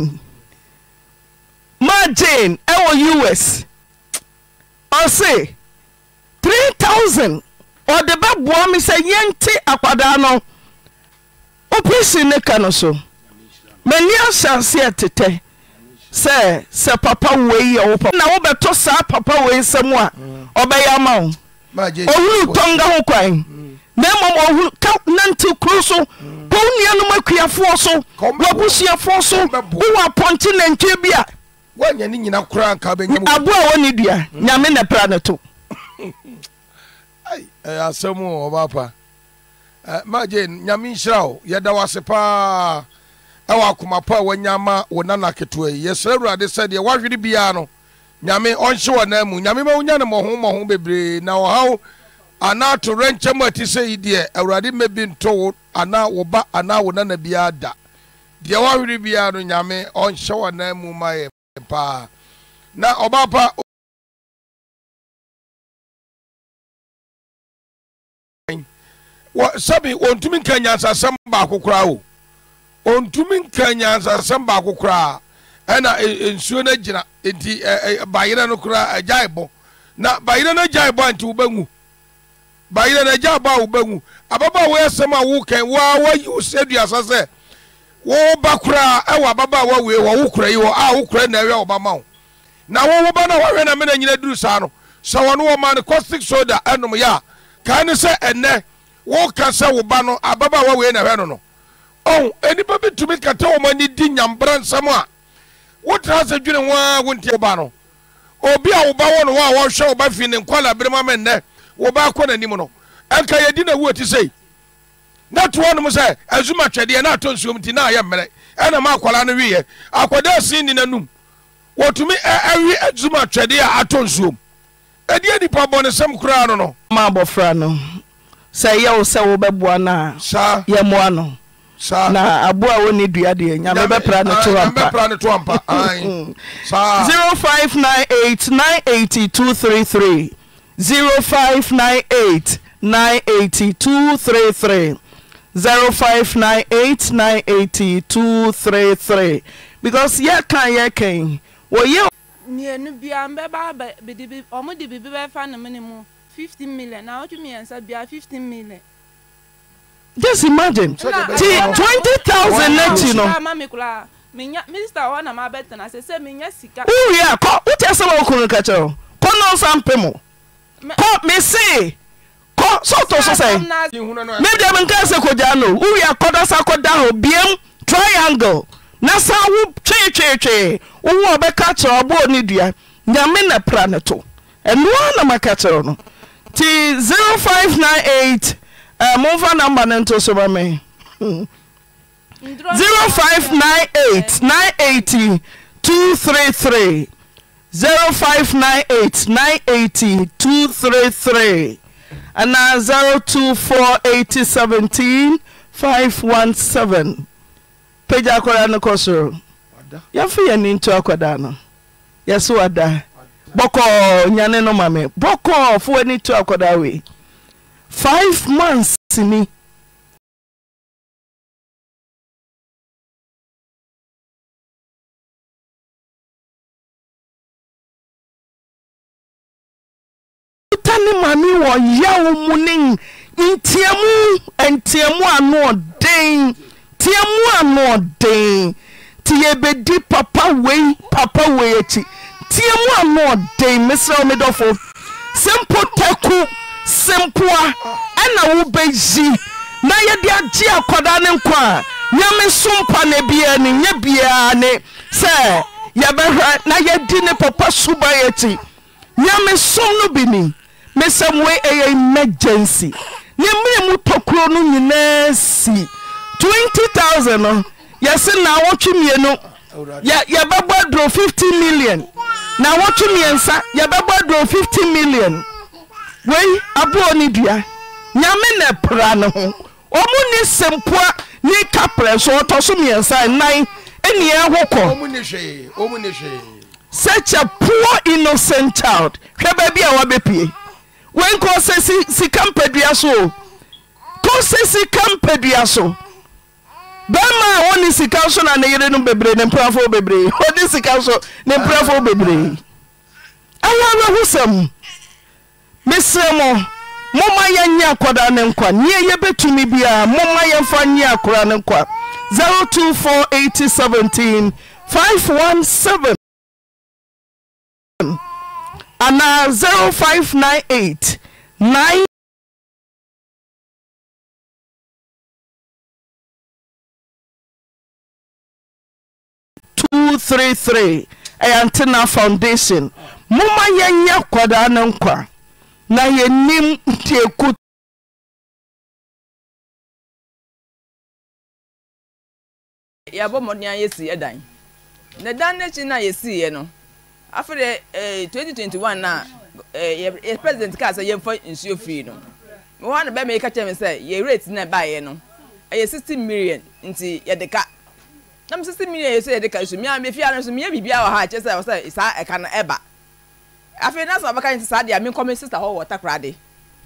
ma jane ɛwɔ us ɔse 3000 ɔde bɛboa me sɛ yɛnte akwadaa no wɔpesi ne ka no so mani asɛse tetɛ sɛ sɛ papa we i ɛ wop na wobɛtɔ saa papa wei sɛm a ɔbɛyɛ ma wohunu tɔnka ho kwan na mnante kuro so kow nnianom akuafoɔ so wabosuafoɔ so wowɔ apɔnkye nantwɛ bi a woanya ne nyina koraa nka wobɛnya aboa a wɔne dua nyame na pra no to eh, asɛm ɔbaapa eh, magye nyame nhyira wo yɛda wase ase paa ɛwɔ akoma pa a wanya ma wo nana ketewa yi yɛsrɛ awurade sɛdeɛ woahwere biara no nyame ɔnhye wɔ mu nyame ma wonya ne mmɔho mmɔho bebree na ɔhaw anaa atorɛ nkyɛm a ɛte sɛ yi deɛ awurade ma nto wo anaa wo ba anaa wo nana biara da deɛ woahwere biara no nyame ɔnhyɛ wɔ mu ma paa na ọbaa pa sabi ontumi nka nyansasɛm baako koraa o ontumi nka nyansasɛm baako koraa ɛna e, e, nsuo no gyina nti bayerɛ no koraa agya ebɔ na bayerɛ no agya ebɔ a nti wobɛnwu bayerɛ no agya ebɔ a wobɛnwu ababaawa asɛm a wokan waa wayi wo sɛ aduasa sɛ wɔwɔ ba koraa ɛwɔ ababaawa wie wɔ wo kura a wo na ɛwɛ ɔba ma wo na wɔwɔ ba no wɔhwɛ na mena nyina duru saa no sɛ no caustic soda yɛ a kae ne sɛ ka sɛ wo ba ababaawa wie na no no ɔn bi tumi kata wɔn ani di nyambra nsɛm a wotena sɛ dwene ho wo ba no no hɔ a wɔhwɛ wo ba fi ne nkɔla ma nnɛ wo ba akɔ n'anim no ɛnka yɛdi na wu na to anom sɛ azumatwɛdeɛ na atɔ nsuom nti na yɛ mmerɛ ɛna ma akɔla no weeɛ akɔde asen nnina num wɔtumi ɛwe azumatwɛdeɛ a atɔ nsuom ɛdi nnipa bɔne nsɛm koraa no nomafa no sɛ yɛwo sɛ wobɛoa na ɛmoa oa aɛɛa0588330588233 zero five nine eight nine eighty two three three because yẹ kan yẹ kan wòye. mmienu bia mbɛba bidi bi ɔmo de bibi bɛfa ne mu ne mu fifteen million na ɔtwi mmiɛnsa bia fifteen million. just imagine ti twenty thousand n'ekyi no. minista hɔ na ma bɛ tena sɛ sɛ menya sika. wúwìí a kọ́ wúti ẹsẹ̀ wọn kùnú kẹ̀kẹ́ o kọ́ náà sàn pẹ̀ mu kọ́ mi sè é kɔ sɛto so sɛ medeɛ menka sɛ kogyaa no wowiɛ kɔdɔ sa kɔda hɔ biam triangle na sa wo tweetweetwee wowɔ ɔbɛka kyerɛ ɔbɔɔ ne dua nyame na pra ne to ɛnoa na maka kyerɛ no nti 0598 momfa namba no nto so ma me 0598 980 233 0598 980 233 anaa 0248017 517 pagya kɔraa no kɔ soro yɛfa yɛ ne ntu akɔdaa no yɛso a daa bɔkɔɔ nyane no ma me bɔkɔɔ fo w'ani tu akɔdaa wei 5 month tmi ne maame wɔ yaw mu ne nteamu nteamu anoɔden nteamu anoɔden te yɛbɛdi papa wei papa wei akyi nteamu anoɔden mesrɛ wo medɔfo sɛ mpo taku sempoa ɛna wobɛyi na yɛde agye akɔda ne nkwa a nyame so ne biaa ne nyɛ biaa ne sɛ yɛbɛhwɛ na yɛdi ne papa suba yɛkyi nyame som no bi ni mesɛm wei ɛyɛ emergency ne mmerɛ mu tɔkuro no nyinaa si 20000 no yɛse na awɔtwe mmienu yɛbɛbɔ aduro fifty million na awɔtwe mmiɛnsa yɛbɛbɔ aduro 50 million wei aboɔ ne dua nyame na pra ne ho ɔmo ne sɛmpoa ne kaprɛ so ɔtɔ so mmiɛnsa nan ɛne ɛho kɔ sɛ kyɛ poor innocent child hwɛ baabi a wabɛpie wɛkɔ sɛ sika mpɛdua so o kɔ sɛ sika mpɛdua so bɛimaa wɔne sika so nanyeesafbbr ɛharɛho sɛm meserɛ mɔ momma yɛ nya akɔda ne nkwa neɛ yɛ bɛtumi biaaa momma yɛmfa nya kora ne nkwa 024817 517 anaa 0598 9ɛyɛ antena foundation momma yɛnyɛ kwadaa ne nkwa na yɛnim deɛku yɛabɔ mmɔden a yɛsi ɛdan na dan n'akyi no a yɛsiiɛ no after the 2021 eh, na eh, yɛ president kaa sɛ yɛmfa nsuo fii no mewɔ ano bɛma yɛka kyerɛ me sɛ yɛ rate na ɛbaeɛ no ɛyɛ 60 million nti yɛde ka m 60 million yɛ sɛ yɛde ka nso mea mefia no nso meyɛ biribia wɔ ha kyerɛ sɛ sɛ saa ịka na ịba afei na sɛ wɔbɛka nti saa deɛ menkɔ me sister hɔ wɔ takorade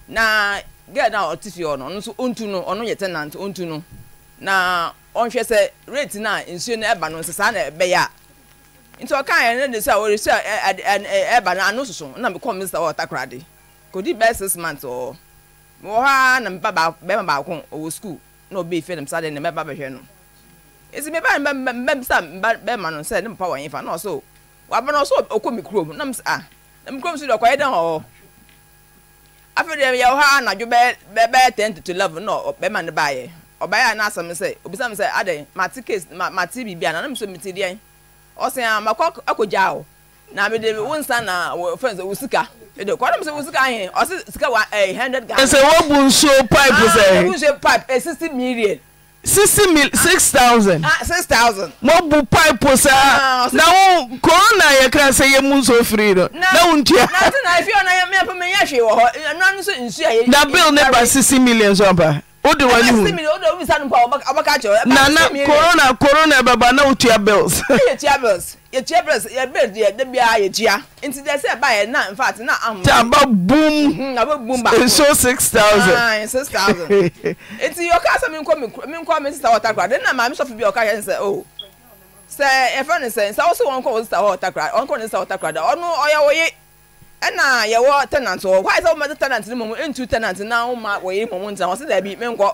na girl a ɔte fie hɔ no ɔno nso ɔntu no ɔno yɛ tenant ɔntu no na ɔnhwɛ sɛ rate no a nsuo no ɛba no saa na nti ɔka yɛn ne de sɛ ɔre sɛ ɛ ɛ ɛba na ano soso na mi kɔ mi sɛ ɔtakoradi kodi bɛyɛ six months ɔwɔ wɔ hɔ a na mba baako bɛrima baako ɔwɔ sukuu na ɔbɛ ife na msa de na mɛba bɛhwɛ no esi mi ba mbɛ mbɛ mbɛ msa mba bɛrima no sɛ ne mpa wɔn yifa na ɔso waba na ɔso ɔkɔ mi kurom na msa a ah, na mi kurom so de ɔkɔyɛ dɛ hɔ afei deɛ yɛ wɔ hɔ a anadwo bɛyɛ bɛyɛ ten to eleven na bɛrima ne baayɛ ɔbɛyɛ a n'asɛm sɛ obisa mi sɛ adɛ mate case mate biribi a na ne mi so mi ti deɛ ɔsɛn a ah, makɔ akɔgya o na mi de wo nsa na wo fɛn sɛ wo sika edo kɔdɔm sɛ wo sika ahɛn ɔsi sika wa ɛɛ eh, hundred ghana. ɛsɛ wo bu nsuo pipe ah, sɛ. aa wo nsuo pipe ɛ eh, sixty million. sixty mil six thousand. ah six thousand. mo bu pipe sa ah, na wo corona yɛ kra sɛ yɛ mu nsuo firi no na wo ntua. na ti na efi ɔna yɛ mi yɛ fɔ mi yɛ hwee wɔ hɔ ɛnua nso nsuo yɛ. na bill ne ba sixty million sɔn pa o de wa ni hu nana corona corona bɛba na o tia bills. yɛ tia bills yɛ tia bills yɛ bɛ yɛ de nti dɛ sɛ ba yɛ na in fact na ahoma. ta ba boom na mm-hmm, ba boom ba. nso six thousand. ayi ah, six thousand nti ɔka sɛ mi nkɔ mi nkɔ mi sisa wɔta kura de na maame sɔfo bi ɔka yɛ nsɛ o sɛ ɛfɛ ne sɛ nsa wɔsɛ wɔn kɔ wɔn sisa wɔta kura wɔn kɔ ne sisa wɔta kura da ɔno ɔyɛ wɔye ɛna yɛwɔ tenant wɔ hɔ ayɛ sɛ wɔmɛte tenant no mɔmu ntu tenant na woma wɔyɛ mɔmu nsa wɔsi dɛbi menkɔ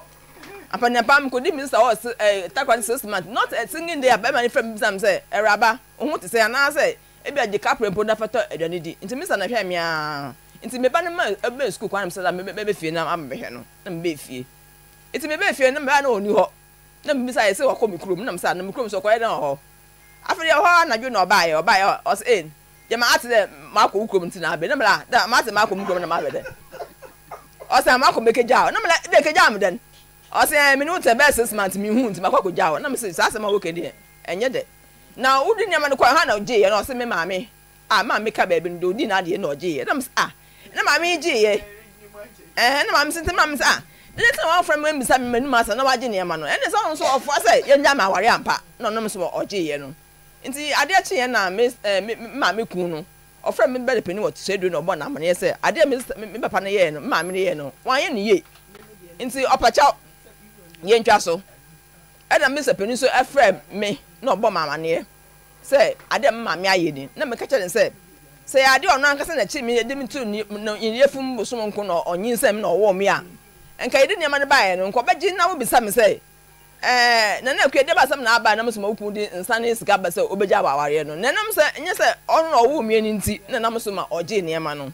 apanyapa mi kò mi sisa wɔ si ɛɛ takwari six months not a single day abɛɛma ni fɛn mi sam sɛ ɛraba ohun ti sɛ anaasɛ ebi agye kapre mpo dafɛtɔ aduane di nti mi sa miaa nti meba ne ma ebe sukuu kwan mi sɛ la mebe fie na ama mehwɛ no na mebe fie nti mebe fie na meba na oni hɔ na mi sa yɛ sɛ wɔkɔ mi kurom na mi sa na mi kurom sɛ ɔkɔ yɛ na wɔ hɔ afei hɔ anadwo na ɔbaa yɛ ɔsɛ ɛn yɛ ma ate dɛ ma akɔ wukurom ti na abɛ ne mu la dɛ ma ate ma akɔ wukurom na ma abɛ dɛ ɔsɛ ma akɔ mekegya o ne mu la de kegya mu dɛ ɔsɛ ɛɛ mi ni wotɛ bɛɛ six months mi hu nti ma kɔ akɔ gya o ne mu sɛ saa asɛm a wɔkɛ deɛ ɛnyɛ dɛ na wodi nneɛma no kɔ ha na ɔgye yɛ na ɔsɛ mi maame a maame ah. ka baabi no de odi na adeɛ na ɔgye yɛ ne mu sɛ a ne maame yi gye yɛ ɛɛ ne maame sɛ ne maame sɛ a ne ne tena wɔn afra mu emisa mi ma enum asa na wagye nneɛma no ɛne sɛ ɔno nso ɔfoa sɛ yɛn gya ma aware ampa na ɔno nso ɔgye yɛ no nti adeɛ kye yɛn na eh, maame kun no ɔfrɛ mi bɛ panyin wɔ na ɔbɔ n'amaneɛ sɛ adeɛ papa no maame no nti ɔpɛkyɛw so ɛna mi sɛ so ɛfrɛ mi na ɔbɔ m'amaneɛ sɛ adeɛ mi maame ayɛ ni na mi kɛkyɛ ne sɛ sɛ adeɛ mi mi tu fun bosom nko na na ɔwɔ mi a nka nneɛma no nkɔ ɛɛ nana ekue deba m na aba nam sɛ ma di nsa ne sika ba sɛ awa awawareɛ no nanam nye na ɔwɔ mmea ne nti nanam so ma ɔgye nneɛma no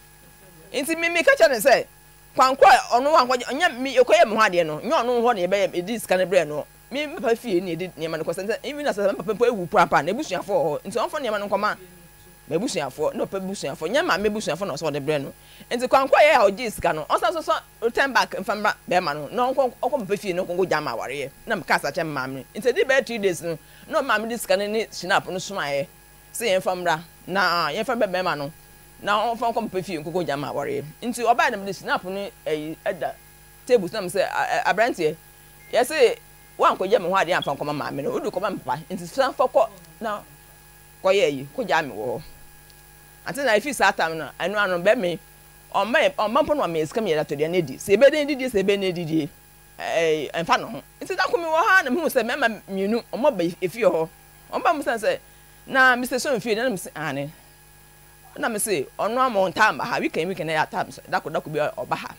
nti mimi kakyɛ ne sɛ kwankɔ a ɔno wankɔ ɔnyɛ mi ekɔ yɛ mu nụ nye ɔno na na yɛbɛyɛ edi sika ne brɛ no mi fie na sɛ papa ewu papa na ebusuafo wɔ nti ɔnfɔ nneɛma no bɛ busuafoɔ na ɔpɛ busuafoɔ nyɛ maame busuafoɔ na ɔsɛ ɔde brɛ no nti kwankwa yɛ a ɔgye sika no ɔsan so so return back mfamra bɛrima no na ɔnkɔ ɔkɔ mpɛ fie na ɔnkɔ gya ma awareɛ na mka asakyɛ maame nti ɛdi bɛyɛ three days no na maame de sika no ne shinap no somaeɛ sɛ yɛn famra na yɛn fa bɛ bɛrima no na ɔnfa ɔnkɔ mpɛ fie nkɔkɔ gya ma awareɛ nti ɔbaa na mo de shinap no ɛyi ɛda table sinam sɛ aberanteɛ yɛsɛ wankɔ gya mi ho adeɛ anfa nkɔma no o de kɔma mpa nti na kɔyɛ yi kɔgya mi wɔ hɔ ati na efi saa tam no ɛnu anu bɛ mi ɔmba yɛ ɔmba mpɔ no ɔmɛ esika mi yɛ dato deɛ n'edi sɛ ebe den didi sɛ ebe den didi ɛɛ ɛnfa no ho nti dako mi wɔ ha na mu sɛ mɛma mienu ɔmɔ ba efi hɔ ɔmba mu sɛn sɛ na mr so nfi na mi sɛ ane na mi sɛ ɔno ama ɔn ba ha weekend weekend yɛ ataam sɛ dako dako bi ɔba ha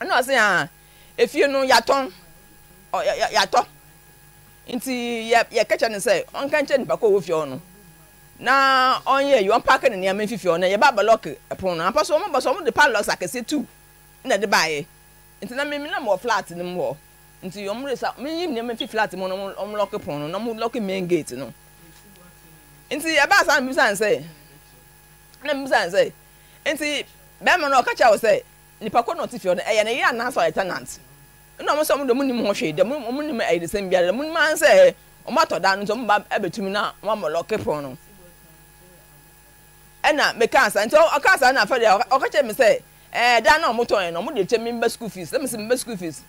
ɛna ɔsɛ ha efie no yatɔn ɔ yatɔ nti yɛ yɛ kɛkyɛ ne sɛ ɔnka nkyɛn nipa ko wɔ fie hɔ no. na ɔnyɛ yi wɔn paaki ne nneɛma fifi ɔno no wɔn bɔ so wɔn de akɛse tu na ɛde baayɛ na mímu nam wɔ flat mu nti wɔn resa mímu nneɛma fi flat mu na wɔn na wɔn main gate no nti ɛba asa na mbisa nsɛ na nsɛ nti bɛrima no ɔka wɔ sɛ nipa ko na ɛyɛ ne tenant ɛna wɔn sɛ wɔn de wɔn nim ho de wɔn nim ɛna meka asa nti ɔka asa na afɛ deɛ ɔka kyerɛ mi sɛ ɛɛ dan na ɔmo tɔn yɛ no ɔmo de kyɛ mi mbɛ school fees ɛmi sɛ mi mbɛ school fees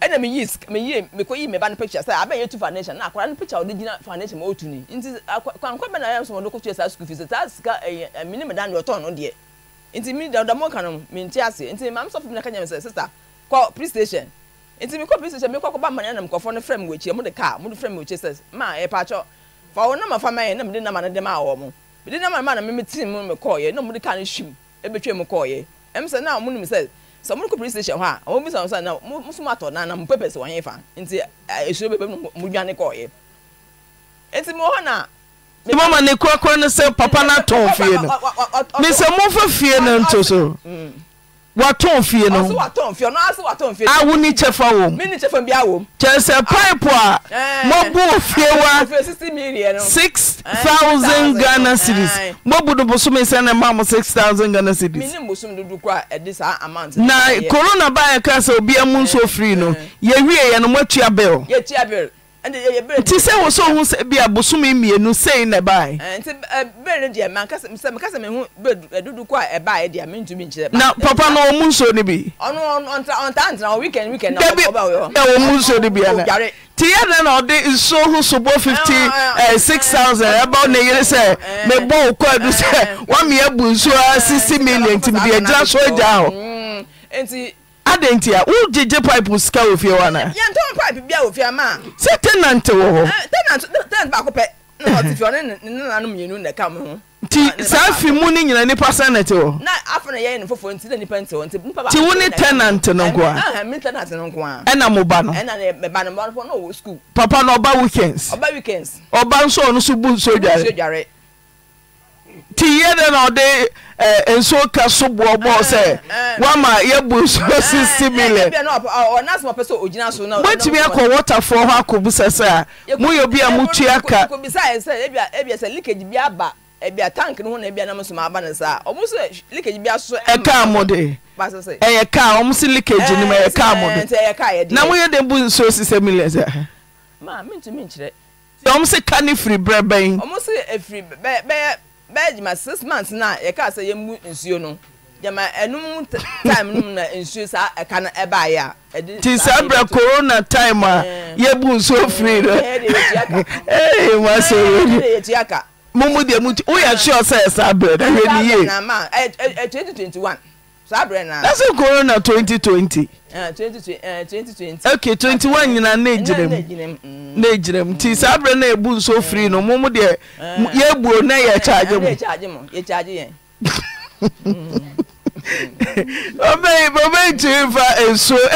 ɛna mi yi mi yi mi ko yi mi ba ne picture sɛ abɛn yɛ tu foundation na akɔla ne picture ɔde gyina foundation ma otu ni nti kwankwa bɛ na ayɛ sɔn ɔde kɔ tuya saa school fees saa sika ɛyɛ ɛmi ne mi dan deɛ ɔtɔn no deɛ nti mi da ɔdɔmɔ kan no mi nti ase nti maame sɔfo mi na kanya mi sɛ sista kɔ police station nti mi kɔ police station mi kɔ kɔ ba mmanyi anam kɔfɔ ne frɛm wɔ akyi ɔmo de kaa ɔmo de frɛm wɔ akyi sɛ maa ɛpatsɔ fa wɔn nama fa mɛyɛ na mi de nama ne de maa wɔn mo bidi na mmaa na mmemme tii mu mi kɔɔyɛ na ɔmo de kaa no hyim ebetwa mu kɔɔyɛ ɛmu sɛ na ɔmo nim sɛ sɛ ɔmo de kɔ police station hɔ a ɔmo bi sɛ ɔmo sɛ na mo nso mo atɔ na na mo pɛpɛ sɛ wɔnyɛ fa nti esuro bɛbɛ mu mo dwane kɔɔyɛ eti mo hɔ na. mama ne kura kura ne sɛ papa na tɔn fie no ne sɛ mo fɛ fie na nto so. Mm watɔn fie no awo ni chefa ne kyɛfa wom kyɛɛ sɛ pipe a eh. mɔbu fie wa eh, thousand ghana eh. Mo bu do bosome sɛ na ma mo thousand ghana series na corona baa yɛka sɛ obia mu nso firi no yɛwie yɛ no moatua bɛl nti sɛ wo sɛ ohu sɛ bi abosome mmienu sei na ɛbae na papa no ɔmu nsuo no bi dabi ɛwɔ mu nsuo no bi ana nti yɛdɛ na ɔde nsuo ho sobɔ 56000 ɛba wo ne yere sɛ mebɔ wo kɔadu sɛ woameabu nsuo a 60 million nti mede agyina so agyaa hɔ adɛn nti a wogyegye pipe sika wɔ fie wana yɛntɔn pipe bia wɔ fie ma sɛ tenant wɔ hɔ eh, tenant baako pɛ na ɔte fie ɔne ne nanom mmienu na ɛka mo ho nti saa fi mu no nyina nipa sa na te hɔ na afa na yɛyɛ no foforɔ nti na nipa nte hɔ nti nipa ti wo ne tenant no nko a eh, eh, me tenant no nko a ɛna mo ba no ɛna ne ba no ba no na ɔwɔ school papa na ɔba weekends ɔba weekends ɔba nso ɔno so bu nso dware tiiɛ dɛ na ɔde nsuo ka so boɔ bɔɔ sɛ wama yɛbu nsuo sisi million wetumi akɔ waterfall hɔ akɔbusa sɛ a moyɛ obi a motua ka ebi tank no ho na ebi anam so ma aba ne saa ɔmo sɛ leakage bi aso ɛka mo de ɛyɛ kaa ɔmo sɛ leakage ni mu ɛyɛ kaa mo de na mo yɛ de bu nsuo sisɛ million sɛ. maa mi ntumi nkyerɛ. ɔmo sɛ ka ne firi brɛ bɛn. ɔmo sɛ efiri bɛɛ bɛɛ bɛyɛ gyima six months na yɛka sɛ yɛmu nsuo no gyama ɛnum time no na nsuo saa ɛka no ɛbaayɛ a. ti saa corona time a yɛbu nsuo firi no ee (laughs) mo ase yɛ ni mo mu ti woyɛ sure sɛ ɛsa bɛrɛ na hwɛ ni twenty twenty one. nasị korona 2020 ok 21 nyina na na-ejire mm. m nti saa na-egbu nso eh. fri na ọmụmụ dị eh. ya egbuo na ya chaji m obeghị obeghị mfa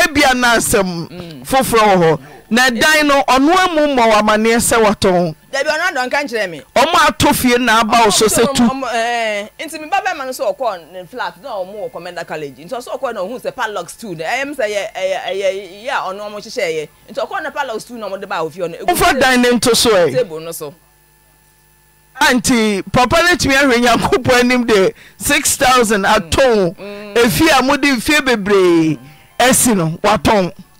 ebia na (laughs) asem mm. foforọ na dan no ɔno amu mmɔ wɔ amanneɛ sɛ wɔtɔn dabi ɔno adɔnka nkyerɛ me ɔmo ato fie na aba wo sɛ tu nti me babɛma no sɛ ɔkɔɔ ne flat na ɔmo wɔ commander college nti ɔsɛ ɔkɔɔ na ɔhu sɛ pallock stool no ɛyɛ m sɛ ɛyɛ ɛyɛ yɛ a ɔno ɔmo hyehyɛɛyɛ nti ɔkɔɔ na pallock stool na ɔmode baa wo fie ɔno wofa dan ne nto so ɛ table no so anti ah, papa no tumi ahwɛ nyankopɔn anim de six thousand atɔn mm, mm. Efi a mode fie bebree ɛsi no watɔn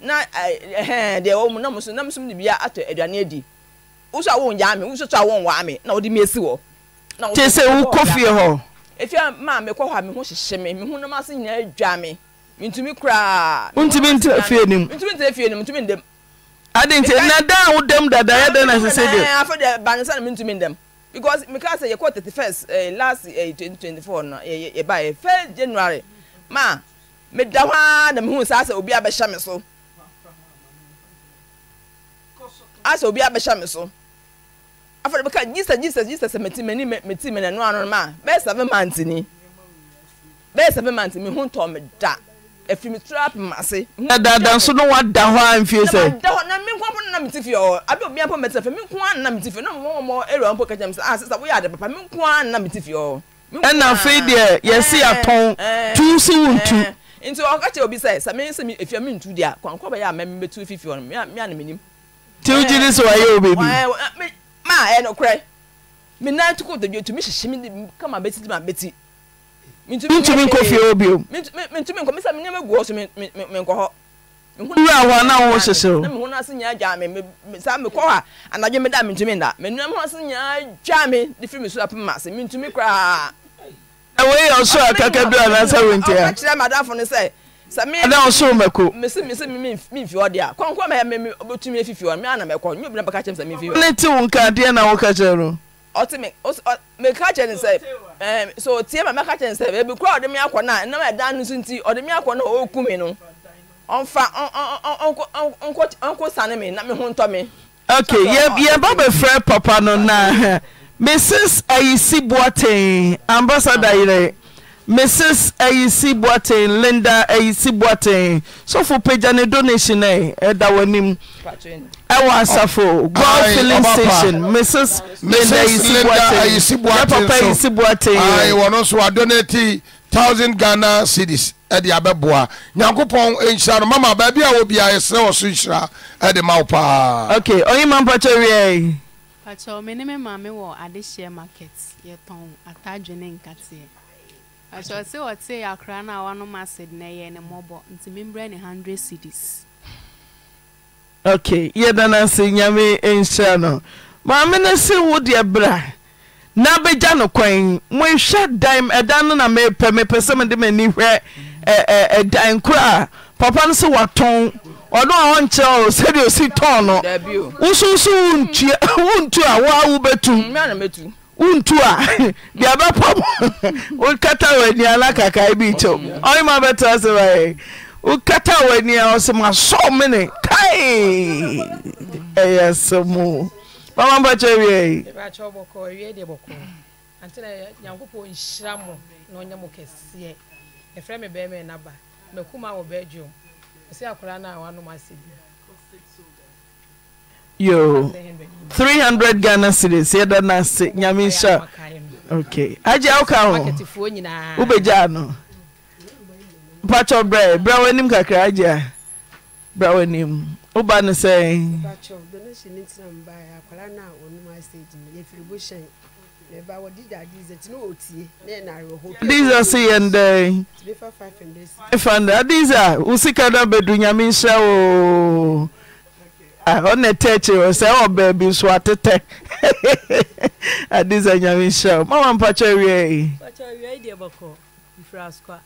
na ɛhɛn eh, eh, eh, deɛ wɔn mu nam so nam so de bia atɔ aduane adi wosɔ awo nyaa mi wosɔ tɔ awo nwaa mi na wɔde mi esi wɔ. te sɛ wokɔ fie hɔ. efi a maa mi kɔ hɔ a mi ho hyehyɛ mi mi ho nam ase nyinaa dwa mi ntumi koraa. ntumi ntɛ fie nim. ntumi ntɛ fie nim ntumi ndem. adi nti na dan awo dɛm dada yɛ dɛ na sese de. ɛɛ afɔ de banisa na mi ntumi ndem because mi kaa sɛ yɛ kɔ thirty first ɛɛ last ɛɛ twenty twenty four no yɛ yɛ ba yɛ first january maa mi da hɔ aa na mi hu saa sɛ obi abɛhyɛ mi so. asɛ obi abɛhyɛ me so afɔde bɛka jesus jesus jesus meti mani meti mani ɛno ano ma bɛyɛ seven months ni bɛyɛ seven months mi ho ntɔ mi da efi mi trap apim ase. na dada nso no wa da hɔ a nfie sɛ. da hɔ na mi nko apɔ na mi ti fi ɔ abi obi apɔ mɛti fɛ mi nko a na mi ti fi na mo mo eri ɔmo kɛkɛ mi sɛ a ah, sisan woyɛ adi papa mi nko a na mi ti fi ɔ. ɛna afei deɛ yɛsi eh, atɔn eh, tu si wu ntu. Eh. nti ɔka kyerɛ obi sɛ sɛ mi nse mi ntu mi ntu deɛ kwankɔ bɛyɛ a mɛ mi bɛ tu fifi ɔ mi a mi a na mi tí o jí ní sọ ayé o bèbí. máa ẹ nọ kúrẹ́ mi náà tó kò tó ju tùmí ṣiṣẹ́ mi kama bẹ́tí tí ma eh, bẹ́tí. ntumi nkọ fi obi o. ntumi nkọ mi sá mi ní ẹ̀mẹ́ gu ọ̀sùn mi nkọ họ. wúlò àwọn náà wọ́n ṣẹṣẹ o. mi hún náà sí nyà já mi sá mi kọ́ ha ànájọ́ mi dá mi ntumi nda mi nínú ẹ̀mọ́ sí nyà já mi di fi mi sùn àpò mà sí mi ntumi kura. ẹ̀wọ̀n yìí ọ̀ṣọ́ àkàkẹ́ bí ọ̀nà sẹ́wọ̀n tiẹ̀. ọ̀ṣọ́ àkàkẹ́ adan so mako. mesi mesi mi mi fi hɔ deɛ kɔnkɔn mɛ mi mi obetumi efifi hɔ mi ana mɛ kɔ n yóò bi na bɛ kakyɛ mi sɛ mi fi hɔ. ne ti wo nkadeɛ na wo kakyɛ no. ɔti mi ɔ mi kakyɛ ni sɛ ɛɛ so tie ma mɛ kakyɛ ni sɛ ebi kura ɔdi mi akɔ na nam ɛdan no so nti ɔdi mi akɔ na ɔɔku mi no ɔnfa ɔnkɔ ɔnkɔ ɔnkɔ sani mi na mi ho ntɔ mi. ok yɛ yɛ ba bɛ fɛ papa no na (laughs) mrs ayisi boateng ambassador yɛrɛ mrs ayisi boateng linda ayisi boateng sọfọ pagya ne donation ẹ ẹda wọn anim ẹwọ asafo god filling station mrs linda ayisi boateng papa ayisi boateng ayi wọn nso wa donate thousand ghana cedis ɛde eh, abɛboa nyankopɔn nhyira no mama baabi a wɔbia yɛsrɛ wɔ so nhyira ɛde eh, ma wo paa ok ɔyima mpakyɛ wiɛ pakyɛ me ne me maame wɔ adehyeɛ market yɛtɔn atadwe ne nkateɛ ok yɛ danoase nyame nkyira no maa me ne si wo de bera na bɛgya no kwan mohwɛ dan ɛdan no na meepɛ mepɛ sɛ mede mani hwɛ dan koraaa papa no sɛ wotɔn ɔde a wɔnkyerɛ o sɛde osi tɔn nowowo (laughs) wontu a deɛ wokata w'ani a na kakae bi kyɛm ɔyema bɛtera sɛ bayɛ wokata w'ani a ɔsɛ masɔ mene kae ɛyɛ sɛm mama mpakyɛ wiei ɛfrɛ me bɛrima naba makuma wɔ bɛadwom ɔsɛ akora no a wanom asɛ bi yo 300 ghana series yɛda no ase nyame nhyɛ okay agye woka ho wobɛgyaa no mpakyɛ brɛ brɛ w'anim kakra agye a brɛ w'anim woba no sɛ These see and they. If and these are, Usika no bedu nyamisha o. ɔnɛ eche hɔ sɛ ɛwɔ baabi nso atetɛ (laughs) ade sɛ nyame nhyɛ wo mpacha mpakyɛ awiei awiei deɛ bɔkɔ mfiri asoa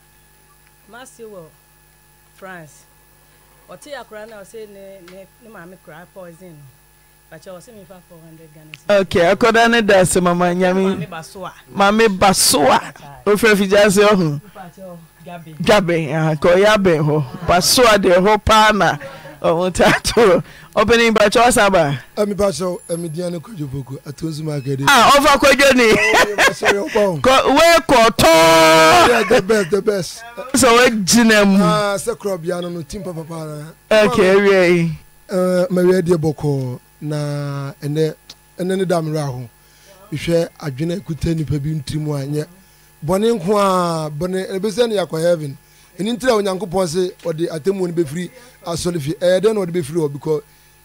mase wɔ france ɔte akora na ɔse ne ne maame kora poison pakyɛ ɔse mefa 400 ghana ok akɔda ne da sɛ mama nyame maame ba so fija ɔfrɛ ọhụrụ. ɔho dwabe ka ọ abɛn hɔ ba so a paa na ɔmotaato ɔpɛni mpakyɛ ɔsa ba mipakyɛ midiane kwadwo poku atonsumakade ɔfa kwadwo ni (laughs) wei kɔtɔɔ the best the best sɛ wagyina mu sɛ kora bia no no tim papapaa ok awiei mawie deɛ bɔkɔɔ na ɛnɛ ɛnɛ ne da mmerɛ ho mehwɛ adwene akuta nnipa bi ntiri mu a nyɛ bɔne nko a bɔne ɛbɛsɛ ne yɛakɔ heaven ɛni ntira onyankopɔn se ɔde atemmuo no bɛfiri asɔlefie ɛyɛ eh, dɛn na ɔde bɛfiri hɔ bikɔ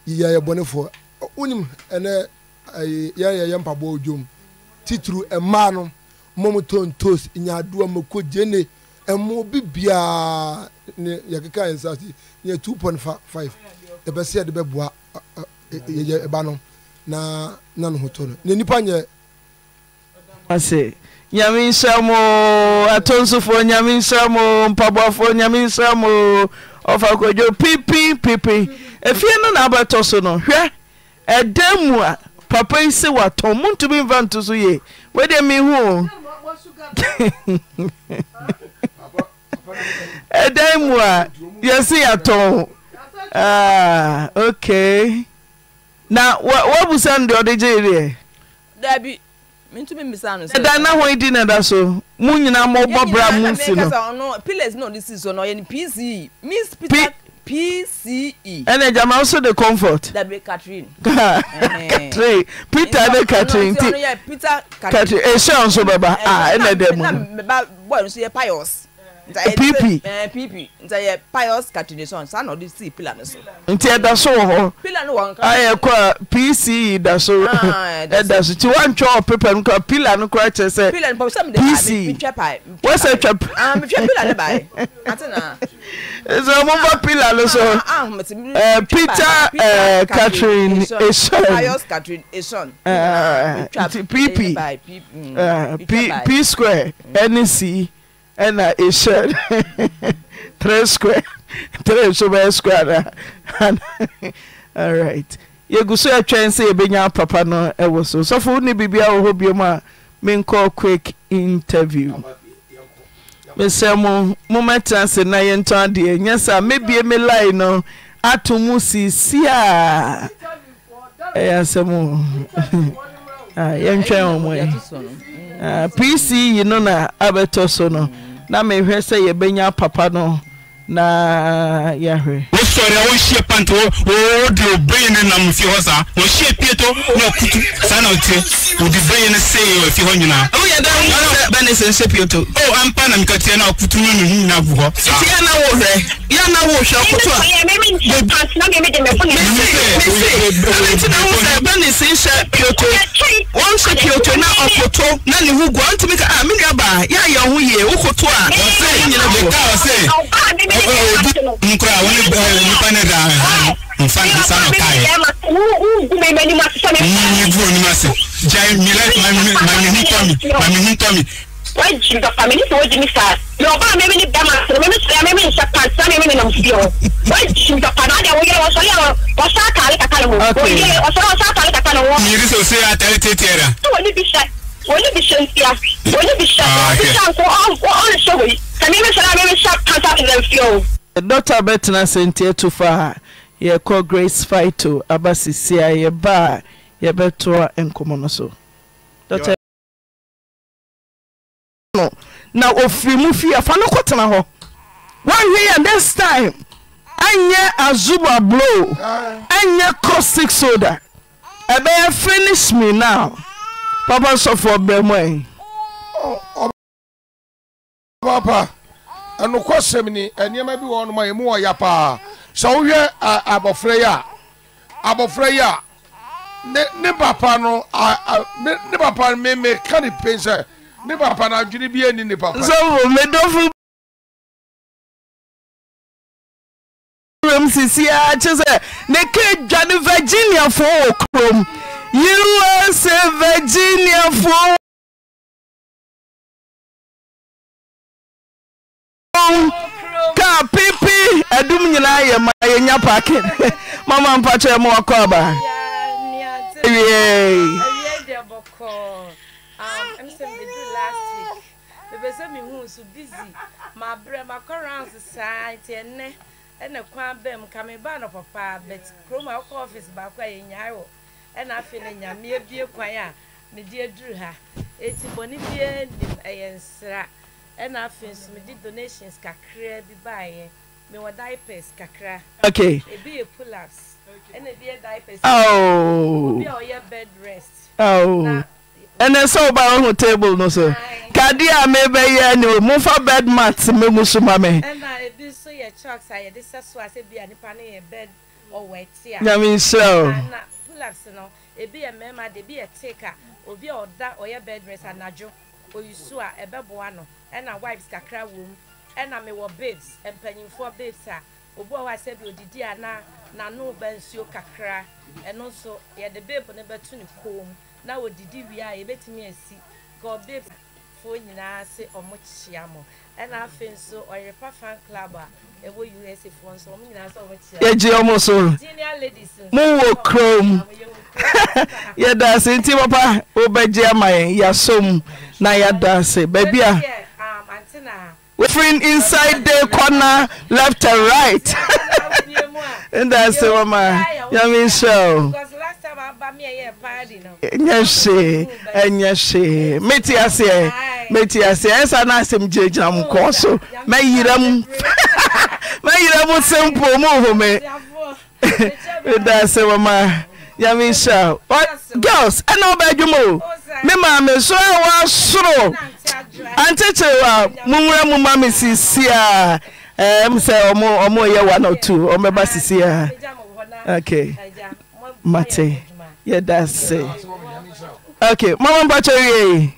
yɛyɛ bɔnefoɔ wonim ɛnɛ eh, yɛyɛyɛ mpaboa odwom titiri ɛmaa eh, no mɔm tontos nyaadoa mako gyene ɛmo bi biaa ne yɛkeka yɛn sa se two point five ɛbɛ sɛ yɛde bɛboa yɛyɛ ɛba no na na ne ho tɔ no na nipa nyɛ ase nyame nhyɛ mo atonsofoɔ nyame nsɛm o mpaboafoɔ nyame nsɛm o ɔfa kodwo pipi pipi efie no na abɛtɔ so no hwɛ ɛdan mu a papa yi se watɔn mu ntumi nfa nto so yie wɔde mi hu o (laughs) ɛdan mu a yɛsi yɛtɔn aa ah, ok na wɔ wɔbusa no deɛ ɔde gye deɛ ntumi mbisa no sɛ. ɛdan na wɔn di na da so mu nyinaa mo bɔ bra mu nsi no. ɔno pillars na ɔde si so na ɔyɛ no pce miss peter pce. ɛnna jama also de comfort. dabe (laughs) catherine. catherine peter de catherine ti catherine ehyia nso bɛba a ɛnna dɛ mu. ɛnna bɛba bɔɔl nso yɛ pius pp pp nti yɛ pius continuation saa na ɔde si pillar ne so. nti ɛda so wɔ hɔ pillar no wɔ nka. ayɛ kɔ a pc da so ɛda so ti wantwɛ ɔ paper no kora pillar no kora kyerɛ sɛ pc pillar no sɛ mi de ba mi twɛ paa wɔsɛ twɛ paa mi twɛ pillar ne ba yɛ ati na. nso mo bɔ no so ɛɛ peter catherine eson pius catherine eson nti pp p square ɛne c. ɛna ɛ (laughs) (laughs) yɛgu so ɛtwɛ sɛ yɛbɛnya papa no wɔ s sfo wone birbi wɔhɔ bimu a menkɔ quick interview mesɛ m momɛta se na yɛntɔ adeɛ nyɛ sɛ mɛbie me li no atomo sisiaɛ ps yi no na abɛtɔ so no na mehwɛ sɛ yɛbɛnya papa no na yɛahwɛ wosɔre a wɔhyie pant wode obreyi no nam fie hɔ saa wɔhyie pieto ne akutu saa na wotie wode breyi no see wafie hɔ nyinaa woyɛdabɛne sɛ nhyɛ pieto o ampa na mekatiɛ no akutu no ne nyina gu hɔ nti yɛ na wohwɛ yɛ na wohwɛ ɔkoto a bɛne sɛ nhyɛ pieto wɔnhyɛ pieto na ɔkoto na ne ho gu ɔntumi ka a me nuaba yɛ ayɛ ho yie wokoto a ɔsɛ nyina bɛka ɔsɛ nkora wone nnipa ne da nfa nsa no kaeɛ nyiguro nim ase gyae mila mame ho tɔ me mame ho tɔ me wɔagyi papa mene sɛ wɔgyi me saa na ɔbaa mɛme ne bɛma sere mɛme sere mɛme nhyɛ pantsa mɛme ne nam fie hɔ wɔagyi papa na ade woyɛ wɔsɔre a wɔsa atare kaka ne ho wɔyɛ ɔsɔre a wɔsa atare kaka ne ho yiri sɛ ɔsɛ atare teteɛ da sɛ wɔne bi hyɛ wɔne bi hyɛ nsia wɔne bi hyɛ wɔne hyɛ nko ɔnhyɛ wɔ yi sɛ mɛme sere a mɛme hyɛ pantsa ne nam fie hɔ dɔkta bɛtena sɛnteɛ to fa a yɛkɔ grace fito aba sisia yɛba a yɛbɛtoa nkɔmmɔ no so dɔkta na ofiri mu fie fa no kɔtena hɔ woanhwe yɛ this time anyɛ azuba blow anyɛ caustic soda ɛbɛyɛ finish me now papa sɔfoɔ brɛ mu ɛ papa ɛnokɔsɛm ni nneɛma bi wɔ nom a ɛmu wɔ ya paa sɛ wohwɛ abɔfra yi a abɔfra yi a ne papa no ne papa no meme ka ne pen sɛ ne papa na adwene bi ani ne papa. nsọwọ medofo. kurom sisi akyi sɛ ne ke dwane virginia fo wɔ kurom usa virginia fo. kaa pipi ɛdum nyinaa yɛ ma yɛnya paaki mama mpakyɛ mu wakɔ aba. awie. awie de bɔkɔ last week bebe sɛ mehu so busy mabrɛ makɔ rounds saa nti ɛnɛ ɛna kwan bɛm ka meba no papa but kurom a wokɔ office baako a yɛnyae wɔ ɛna afei no nyame abie kwan a mede aduru ha ɛti bɔne biaa nim ɛyɛ nsra ɛna afei nso mede donations kakraa bi baeɛ mewɔ diapers kakra okay. ebi yɛ pull-ups ɛna ebi yɛ diapers oh. obi a bed rest oh. na ɛnɛ sɛ woba woho table no so kade a mebɛyɛ ne momfa bed mat mɛmu so ma me nyame nhyira o ebi yɛ mmarima de ebi yɛ teeka obi a ɔda ɔyɛ bed rest anadwo oyisu a ɛbɛboa uh, no ɛna uh, wives kakra wɔ mu uh, ɛna mewɔ babes mpanyinfoɔ babes a obi a wasɛ bi odidi a na n'ano bɛ nsuo kakra ɛno nso yɛde babe no bɛtu ne kɔn mu na wɔdidi wie a yɛbɛtumi asi ka ɔbe foɔ nyinaa se ɔmo kyia mo ɛna afei nso ɔyerepa fan club a ɛwɔ usa foɔ nso ɔmo nyinaa sɛ ɔmo kyia yɛgye ɔmo so mowɔ kurom (laughs) yɛda ase nti papa wobɛgye ama yɛn yɛasom na yɛada ase baabi a wofiri um, inside the corner left and right ɛda (laughs) ase wɔma nyame nhyɛ o nyɛ hwee ɛnyɛ oh, hwee meti aseɛ mete aseɛ ɛsa no asɛm gyinagyina m oh, kɔɔ so mɛyera m (laughs) mɛyera m sempo mu home meda sɛ wɔma nyame nhyira girls ɛna e wobɛadwuma o oh, me maame so a wɔasoro antekyere wa monwura mu ma me sisi a ɛm eh, sɛ ɔmo ɔmo yɛ one or two ɔmɛba sisi a okay mate yɛda se ok mama mpakyɛ wiei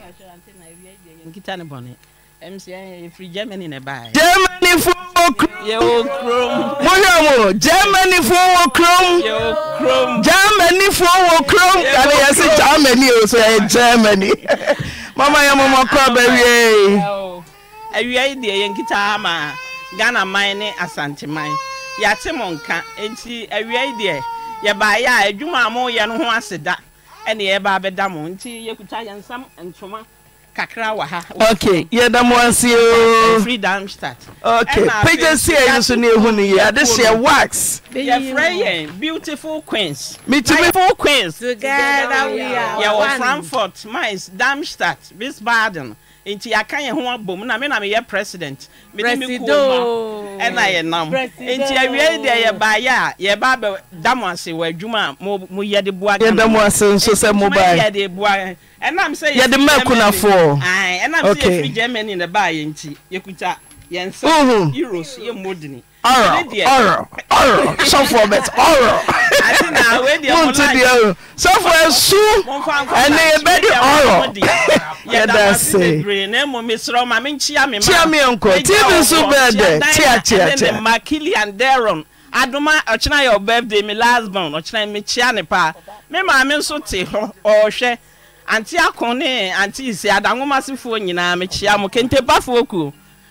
germanyfo germany kurom mohwɛ mu germanyfo wɔ kurom germanyfo wɔ kurom kane yɛse germany o so yɛyɛ germany (laughs) mama yɛ momɔkɔ ba wiei awia yi deɛ yɛnkitaa ma ghana man ne eh, asanteman yɛate mɔ nka enti eh, awia yi yɛbaeɛ a adwuma a moyɛ no ho ase da ɛne yɛba bɛda mo nti yɛkuta yɛ nsam ntoma kakra wɔ ha. ok yɛda mo ase o. free down start. ok pagya si ɛyi nso na ehu ni yɛ ade hyɛ wax. yɛfrɛ yɛn beautiful queens. mitumi beautiful queens. together we are one. yɛwɔ frankfurt mainz darmstadt wiesbaden nti yaka yɛn ho abom na mi na meyɛ president mede me kuo ma ɛna yɛ nam nti awie deɛ yɛbaeɛ a yɛba abɛda mo ase wɔ adwuma a moyɛ de boa yɛda mo ase nso sɛ mobaɛ yɛde boa ɛnam sɛ yɛde ma akunafoɔ ɛnam sɛ yɛfiri germany na baayɛ nti yɛkuta yɛn nsa mhm. euros yɛ modini. ọrọ ọrọ ọrọ sọfọ bẹt ọrọ mo ti di ọrọ sọfọ ẹsu ẹni ẹbẹ di ọrọ yẹ da se tíyàmì nkọ tíyàmì nso bẹẹ dẹ tíyà tíyà tíyà. ma kilian deron aduma ɔkyena yɛ ɔbɛɛfde mi lasbon ɔkyena mekyia ne paa me maame nso te hɔ ɔɔhwɛ ante ako ne ante isi adanwomasefoɔ nyinaa mekyia mo kentepafoɔ kuo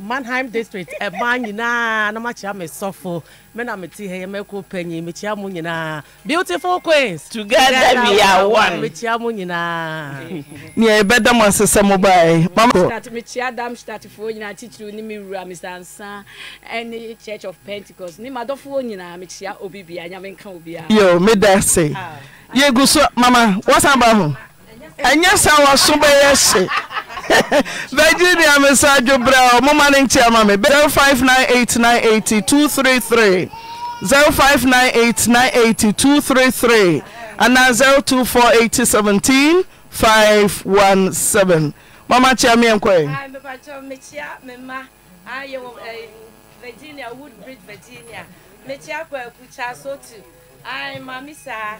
manheim district ɛban eh, nyinaa na makyia me sɔfo me na mete hɛ mɛko panyi mekyia mo nyinaa beautiful queens together we are one mekyia mo nyinaa nea ɛbɛda mo asesɛ mo bae mekyia damstatifoɔ nyinaa titiriw ni me wura mesansa ne church of pentecost ne madɔfoɔ nyinaa mekyia obi bia nyame nka obiaa yo meda se ah. yɛgu so mama wasan ba ho ɛnyɛ sɛ wɔso bɛyɛ hye virginia mesa adwo berɛ a ɔmoma ne nkyea ma me 0598980233 0598980233 anaa 024817 517 mama kyea me ɛnkɔɛ Virginia, Woodbridge, Virginia. Mechiakwa Kucha Sotu. I'm Mamisa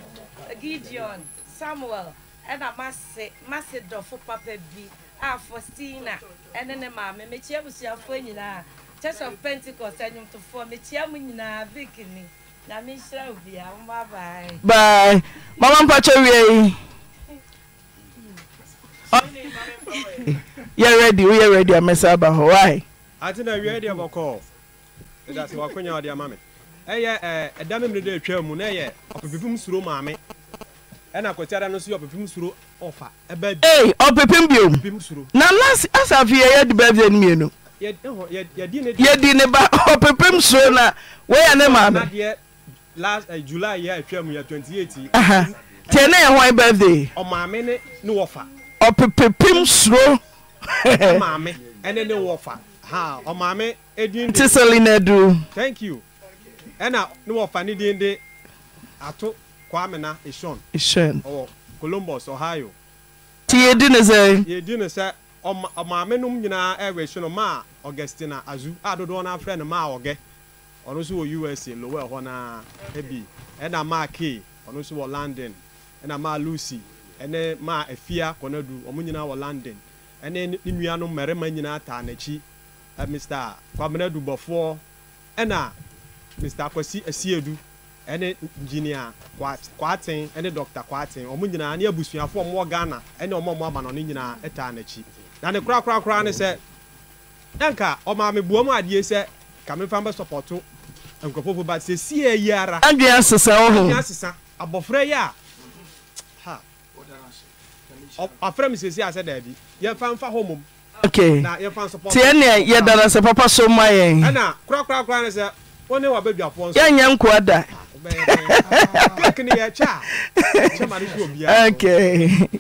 Gideon Samuel. ɛna mase dɔfo papa bi a faustina ɛne ne maame mekyia abusuafoɔ nyinaa church of pentikost ɛnwomtofoɔ mekyia mu nyinaa vikini na menhyira wo bia momabae bae mama mpakyɛ wie yi hmm. oh. yɛ ready woyɛ ready a mɛsa aba hɔ wae ate na awie deɛ bɔkɔɔ ɛda sɛ wakonya ɔde ama me ɛyɛ ɛda memene dɛ atwa mu na ɛyɛ ɔpepipim suro maame ɛna akɔtiada no nso yɛ ɔpepem suro ɔfa ɛbɛ bi. ee ɔpepem bi o na last asafi yɛ yɛ di birthday ni mienu yɛdi ne ba (laughs) ɔpepem suro na wɔyɛ ne maa no. last uh, july yɛ atwa mu yɛ twenty eight. tiɛ ne yɛ hɔn birthday. ɔmaame ne ne wɔfa. ɔpepepem suro. (laughs) ɔmaame ɛne ne wɔfa ha ɔmaame edin. nti selina du. thank you ɛna ne wɔfa ne din de ato kwame na ishon. ishon. ɔwɔ columbus ohio. ti yedi ne sɛ. yedi ne sɛ ɔmaame nom nyinaa ɛwɔ ehyɛ no maa augustina azu a dodoɔ naa frɛ no maa ɔgɛ ɔno nso wɔ usa lowell hɔ naa ebi ɛna maa kay ɔno nso wɔ london ɛna maa lucy ɛne maa efia kɔnadu ɔmo nyinaa wɔ london ɛne ne nuanom mmarima nyinaa taa n'akyi ɛ mr kwamenadu bɔfoɔ ɛna mr akwasi asiedu ɛne engineer kwaten ɛne doctor kwaten wɔn nyinaa ne abusuafoɔ wɔn wɔ ghana ɛne wɔn a wɔn aba no ne nyinaa ɛtaa n'akyi na ne korakorakora ne sɛ nanka ɔmaame buom adeɛ sɛ kamefa bɛ sɔpɔto nkurɔfoɔ ba sɛ si yɛ yi ara. adua sisa wɔ hɔ adua sisa abɔfra yi a ha afra mi sisi asɛ dɛbi yɛfa nfa hɔ mom. ok na yɛfa nsɔpɔtɔ tiɛ nea yɛdara sɛ papa so ma yɛn. ɛna korakorakora ne sɛ wɔn ne wa bɛ duafoɔ nso. yɛn nyɛ nkoa da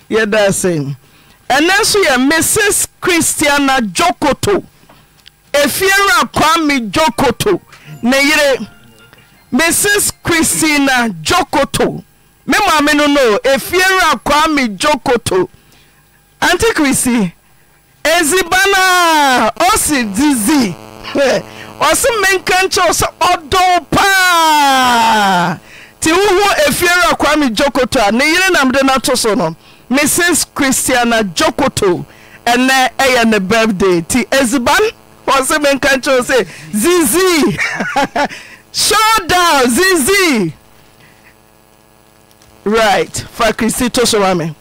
yɛda sɛ ɛnɛ nso yɛ mrs christiana Jokoto, efiewura kwame Jokoto. ne yere mrs christina Jokoto. me maame no no efiewura kwame djokoto anti christy ezibana osi dizi. (laughs) ɔsi menka nkyɛw sɛ ɔdɔw paa ti huhu efiere akwami jokoto a ne yere nam de n'ato so no mrs christiana jokoto ɛnɛ ɛyɛ ne birthday ti eziban ɔsi menka nkyɛw sɛ zizi (laughs) showdown zizi right fa kristi to so ma mi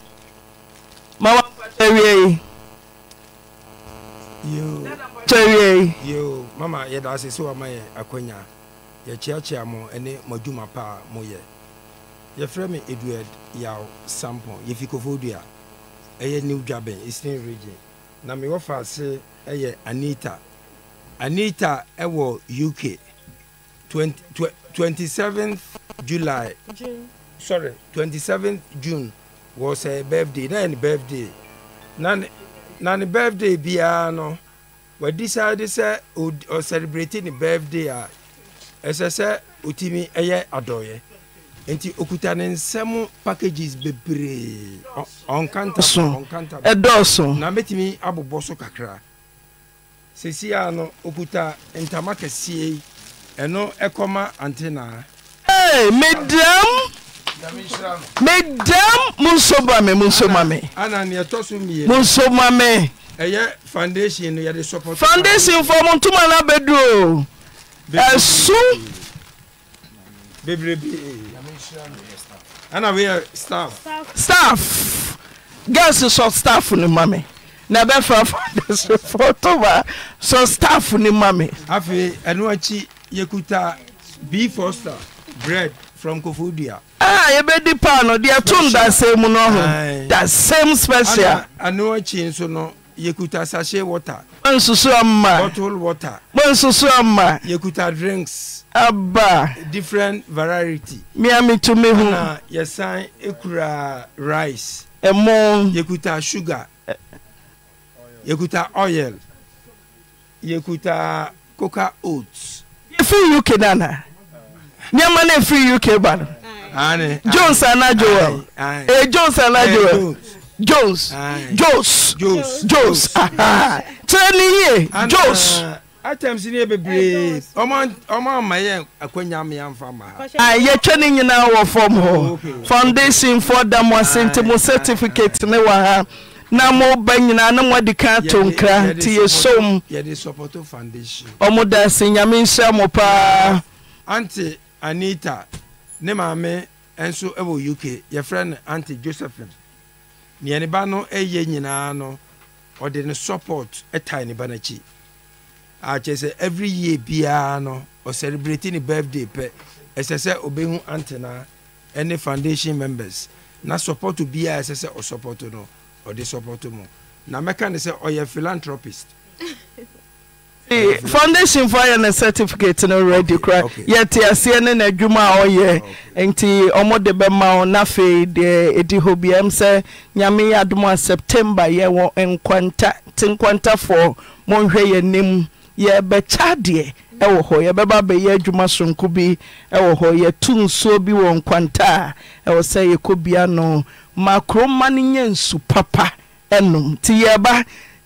ma wa fa ɛwia yi kyɛwie yo mama yɛda ase sɛ wama yɛ akwanya yɛkyeakyea mo ne mo adwuma paa moyɛ yɛfrɛ me eduard yaw sampon yɛfi kofodua ɛyɛ new dwaben eastern region na mewɔ fa ase ɛyɛ anita anita ɛwɔ uk 20, 27th july june. sorry 27th june was her birthday na ne birthday na ne birthday biara no wɔde saa de sɛ ɔsɛrebrɛte ni birthday a ɛsɛ sɛ ɔtumi ɛyɛ adɔeɛ nti okuta ne nsɛm packages bebree ɔnkanta ɛdɔɔso na mɛtumi abobɔ so kakra sesi a no okuta ntama kɛseɛ yi ɛno ɛkɔma antena ee medam medam mo nso ma me mo nso ma me mo nso ma me ɛyɛ foundation no yɛde support. foundation fɔ mo ntoma na bɛ duro ɛsu. bebrebe ɛna weyɛ staff. staff girls sɔ staff ni ma na bɛ fa foundation fɔ toma sɔ staff ni ma mi. afei ɛnu akyi yɛkuta b foster bread from kofodua. ah yɛbɛdi paano deɛ to n da same mu no da same special. ana ɛnu akyi nso no yekuta sachet water. mọ̀nsusu ama. bottle water. mọ̀nsusu ama. yekuta drinks. aba. different variety. miami tumi hu. na yɛsan ekura rice. ɛmo. yekuta sugar. yekuta oil. yekuta coca oats. efi uk nana nneɛma na efi uk ba no. jones ana eh, joel. ee jones ana joel. Jones Jones Jones kyerɛ ne yie Jones. items ni yɛ bebree ɔmo ama yɛ akonnwa mmea nfa ma. yɛtwa ne nyinaa wɔ fam hɔ foundation for dam asentemo certificate ne wɔ ha na mo nyinaa na mo adi kan to nkra nti yɛ som ɔmo da ase nyame nhyia mo paa. aunty anita ne maame nso wɔ uk yɛfrɛ no aunty josephine nea ne ba no ɛyɛ nyinaa no ɔde ne support ɛtae ne ba no akyi akyerɛ sɛ every year biara no ɔcelebrate ne birthday pɛ ɛsɛ sɛ ɔbɛhu antena ɛne foundation members na support biara ɛsɛ sɛ ɔsupport no ɔde support mu na mɛka ne sɛ ɔyɛ philanthropist (laughs) foundation fo ayɛ no certificate no ready kora yɛte aseɛ ne n'adwuma a ɔyɛ nti ɔmode bɛma wo na afei edi ɛdi hɔ biam sɛ nyame yɛ adom a september yɛwɔ nkwanta nti e, nkwantafoɔ monhwɛ yɛnim yɛbɛkya deɛ ɛwɔ hɔ yɛbɛba bɛyɛ adwuma sonko bi ɛwɔ hɔ yɛto nsuo bi wɔ nkwanta a ɛwɔ sɛ yɛkɔ bia no ma kuroma no nyɛ nsu papa enum ɛnom nti yɛba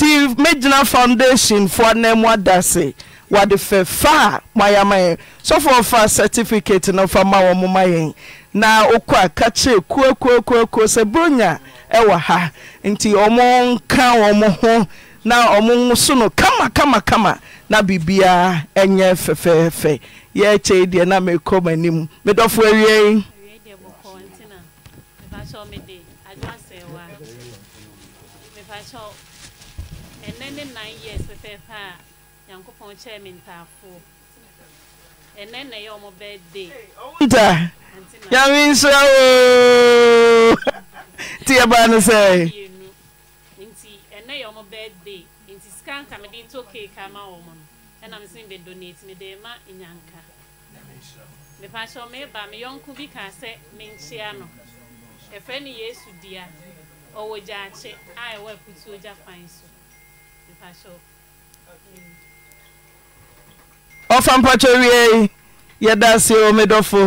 nti mejina foundation for na mu adase wɔde fɛ faa mayama yɛn fa certificate no fa ma wɔ moma yɛn na okɔ a ka kyerɛ kuakuakuakuo sɛ buronya ɛwɔ ha nti ɔmo nka wɔ mo ho na ɔmo so no kama na biribiaa ɛnyɛ fɛfɛɛfɛ yɛkyɛi deɛ na mekɔ m'anim medɔfo awiei wɔn kyɛn mi ntaafoɔ ɛnɛ na ɛyɛ wɔn birthday. nta nyame nhyira wo nti yɛbaa no sɛ nti ɛnɛ yɛ wɔn birthday nti sika nka mede to cake ama wɔn no ɛna me sin bɛ donate me de ma nyanka mepakyɛ meba me yɔnko bi kaa sɛ menkyea no ɛfrɛ no yesu dia ɔwɔ gyaakye a ɛwɔ aputuo gya kwan so mepakyɛ ɔfa mpakyɛ wiei yɛda se o medɔfo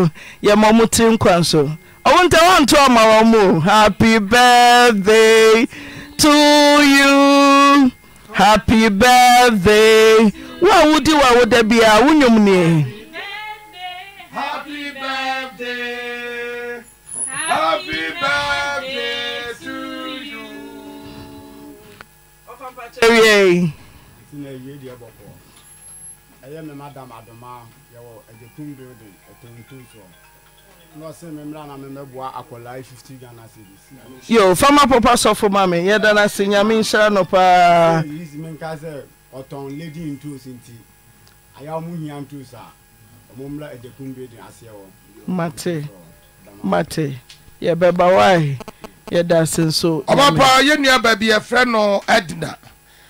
yɛma ɔmo tiri nkwa so ɔwo nta wɔnto ɔma wɔ mu happy birthday to you happy birthday wo a wodi wo a woda biaa wo nwom nie Happy birthday, happy birthday to you ɛyɛ me madam adoma yɛwɔ agyetum building ɛtonto soɔ na ɔse memmra na memmɛboa akɔlaa 50 ghana cedis yo fama papa sɔfo ma me yɛda no ase nyame nhyira no paa menka sɛ ɔtɔn lady ntos nti ayɛ ɔmo hia ntos a ɔmommra agyetum building aseɛ wɔ mate mate yɛbɛba wae yɛda ase nso ɔbapa yɛnnua baabi yɛfrɛ no adina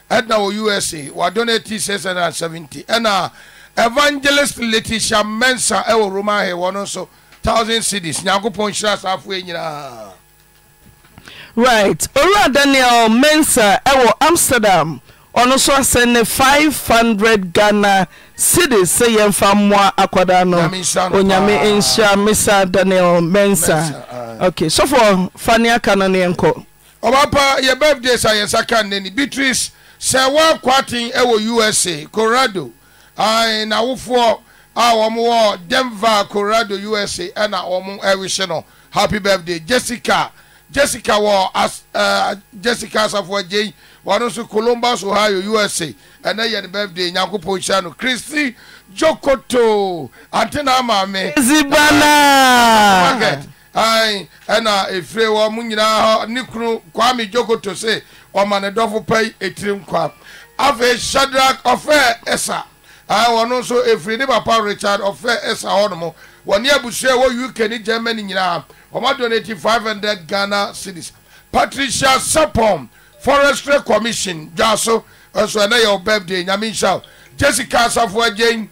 ɛna wɔ usa wadonate six hundred and seventy ɛna evangelist letitia mensa ɛwɔ roman hill wɔn nso thousand cities. nyankopɔn nhyira asaafoɔ yi nyinaa. right owura daniel mensa ɛwɔ amsterdam ɔno nso asɛn ne five hundred ghana cities. sɛ yɛmfa mmoa akwadaa no onyame nhyira mesa daniel mensa okay sɔfo fani aka no ne yɛnkɔ. ɔbaa yɛ birthday sa yɛn sa kan beatrice sɛ wɔakɔ aten wɔ usa colorado n'awofoɔ a wɔn wɔ denver colorado usa ɛna eh, wɔn ɛrehyɛ no happy birthday jessica jessica wɔ as ɛɛ eh, jessica asafo agye wɔn nso columbus ohio usa ɛnɛ eh, yɛ ne birthday nyankopɔn hyia no kristi jokoto antena maame. ezibana. ɛna efire wɔn nyinaa hɔ ne kunu kwame jokoto se wɔma ne dɔfo pɛi ɛtiri nkwa afei shadrack ɔfɛɛ ɛsa wɔno nso ɛfiri ne papa richard ɔfɛɛ ɛsa hɔnom wɔne abusua wɔ uk ne germany nyinaa wɔma donati 500 ghana cities patricia sapon forestry commission dwaso ɛso ɛnɛ yɛ birthday nyame nhyia jessica asafo agyen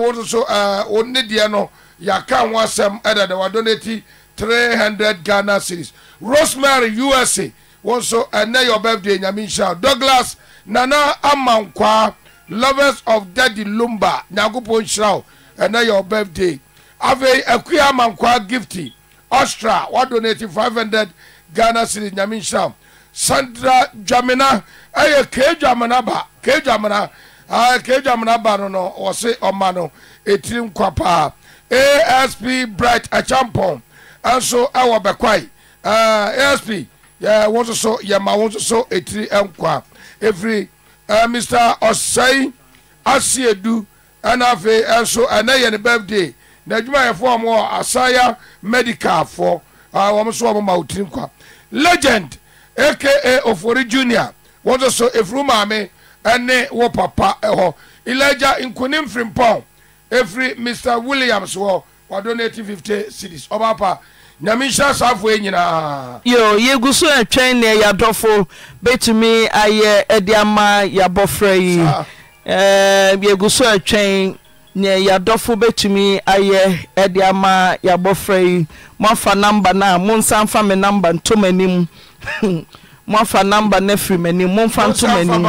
wo nso wo ne deɛ no yɛaka ho asɛm ɛdɛdɛ wɔadonati 300 ghana cities rosemary usa wọn nso ɛnɛ yɛ ɔbɛfde nyame nhyira douglas nana Amankwa, lovers of daddy lumba nyankopɔn nhyira wo ɛnɛ yɛ ɔbɛfde afei akua amankwaa gifty ostra wadonati 500 ghana city nyame nhyira wo sandra dwamena ɛyɛ kee dwamena ba kee dwamena aa ah, kee dwamena ba no no wɔse ɔma no etiri nkwa paa asp bright achampɔn ɛnso ɛwɔ kwai. ɛɛ asp. Ah, yɛ wɔn soso yɛma wɔn soso etiri nkwa efiri ɛɛ mr ɔsɛn asiedu ɛna afei ɛnso ɛnɛ yɛ ne birthday na adwumayɛfoɔ uh, a wɔn asaya medicalfoɔ a wɔn nso wɔn ma otiri nkwa legend aka ofori junior wɔn soso efiri maame ɛne wɔ papa ɛhɔ eh, ilaja nkunim firimpɔn efiri mr williams wɔ wadɔ ne eighteen fifty cities ɔbaapa. Oh, nyame nhyɛ nyinaa yo yɛgu so ne yɛadɔfo betumi ayɛ de ama yɛabɔfra yi eh, yɛgu so atwɛn ne yɛadɔfo betumi ayɛ de ama yɛabɔfra yi moafa namba no a monsa mfa me namba nto m'anim (laughs) moafa namba no afiri m'anim momfa nto m'anim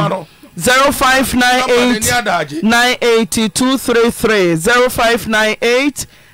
0598 980 233 0598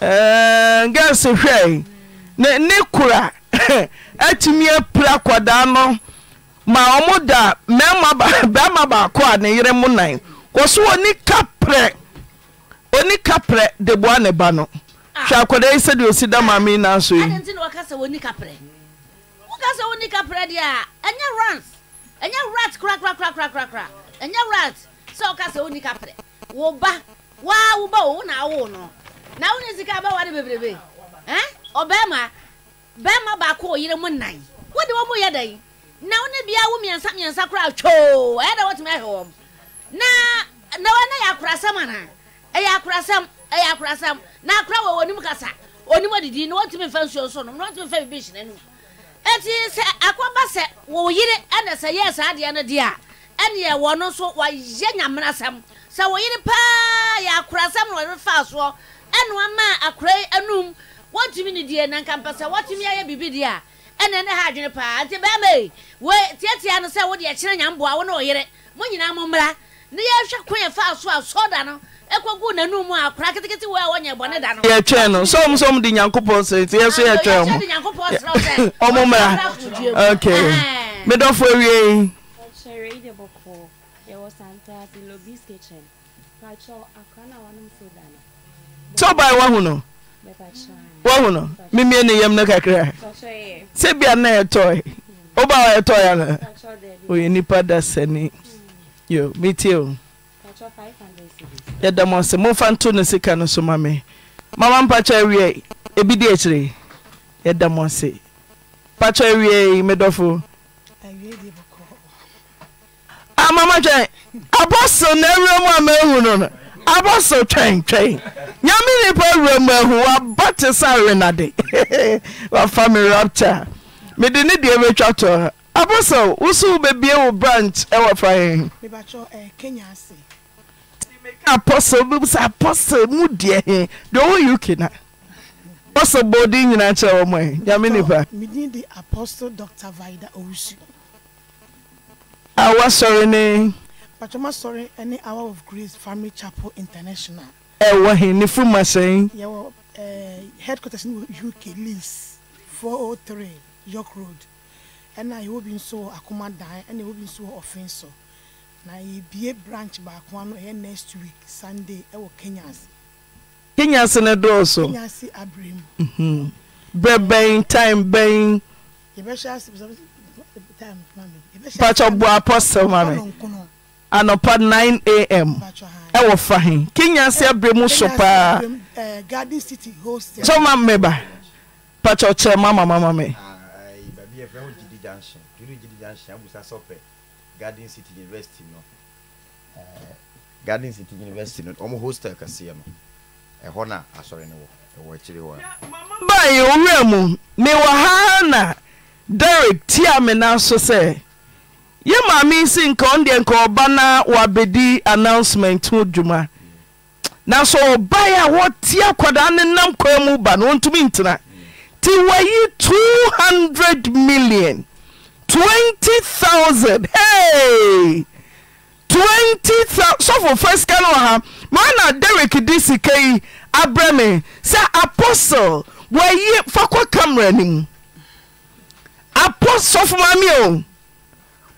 gas hwɛ ne kora atumi (laughs) apira akwadaa no ma ɔmo da bɛima (laughs) baako a ne yere mo nan kɔ oni kaprɛ oni kaprɛ de ne ba no ah. hwɛ akɔda yi osi da maame nanso yi na wo ne sika bɛware bebrebe ɔbɛrima bɛrima baako ɔyere mu nan wode wɔ mu yɛ dɛn na wo ne bia wo mmiɛnsa mmiɛnsa koraa twoo ɛyɛ dɛ wotumi ahwɛ wɔm na na wɔn yɛ akorasɛm ana ɛyɛ akorasɛm ɛyɛ akorasɛm na akora wɔ wɔn anim kasa onim adidi na wɔntumi nfa nsuo nso nom na wɔntumi nfa bibi hyina nom eti sɛ akɔba sɛ wɔ yere ɛna sɛ yɛ saa adeɛ no deɛ a ɛna yɛ wɔn nso wɔyɛ nyamerasɛm sɛ wɔ yere paa yɛ akorasɛm na wɔde fa soɔ ɛna ama akora anum wɔntumi ne deɛ na nkampa sɛ wɔntumi ayɛ biribi deɛ a ɛna ne ha adwene paa nti bɛrima yi wo tiatia no sɛ wode ɛkyerɛ nyamboa wo ne ɔyere mo nyinaa mo mmra ne yɛhwɛ kwan yɛfa so a sɔda no ɛkɔgu n'anum mu a akora ketekete wɔ a wɔnyɛ bɔne da no. yɛtwɛn no sɔm sɔm di nyankopɔn sɛ nti yɛso yɛtwɛn mo yɛtwɛn de (laughs) ɔmo mmra okay medɔfo wie yi. yi de bɔkɔ sɛ ɔbae woahu no woahu no memie ne yam no kakra sɛ bia na yɛtɔe woba wa yɛtɔe ana ɔyɛ nnipa da sani yo metie o yɛda mɔ sɛ momfa nto no sika no so ma me mama mpakyɛ awie ebi di akyire yɛda mɔ se pakyɛ awie medɔfo amama ah, twɛn abɔso na awura mu a mahu no no abɔso twɛntwɛn nyame nipa awura mu ahu waba te sɛ arenade wafa me rapta mede ne deɛ bɛtwa tɔ abɔso woso wobɛbie wo branch ɛwɔ fa yɛn apɔso bi sɛ apɔso mu deɛ he deɛ ɔwɔ uk na apɔso bɔɔde nyinaa kyerɛ wɔ mɔ ɛ nyame nipa a wasɔre ne Pachama Sori ɛne Hour of Grace Family Chapel International. Ɛwɔ hin ni fún ma sẹ́yìn. Yẹ̀wọ̀ ɛɛ headquarters ní UK Leeds four oh three York Road ɛna ɛwɔ bi nso wɔ Akomadan ɛna ɛwɔ bi nso wɔ Ɔfinso na yɛbie branch baako ano ɛyɛ next week Sunday ɛwɔ Kenyans. Kenyans ne dɔɔso. Kenyans abirem. Mhm. Bɛ bɛn time bɛn. Yɛbɛhyɛ asibisɛ time mami. Pàtó bu apɔsɛ mami anɔpa 9am ɛwɔ fa he kenya se aberɛ mu so paa sɛ ma eh, mmeba pakyɛ ɔkyerɛ ma ma mama me ah, eh, Garden City University no eh, Garden City University no ɔmo hostel kɛseɛ no ɛhɔ na asɔre no wɔ ɛwɔ akyire hɔ báyìí owurɛ mu mi wɔ ha na derek tí a mi nan so sɛ yɛ maame si nka ɔn deɛ nka ɔba na wabɛdi announcement ho dwuma na sɛ ɔbae a wɔte akwadaa ne nam kwaa mu ba no wɔntumi ntena nti wɔyi 200 million thousand hey! 20000 sɔfo first ka no wɔ ha maa derek di sika yi abrɛ sɛ apostle wɔyi fa kɔ camera no mu apostle sɔfo maame o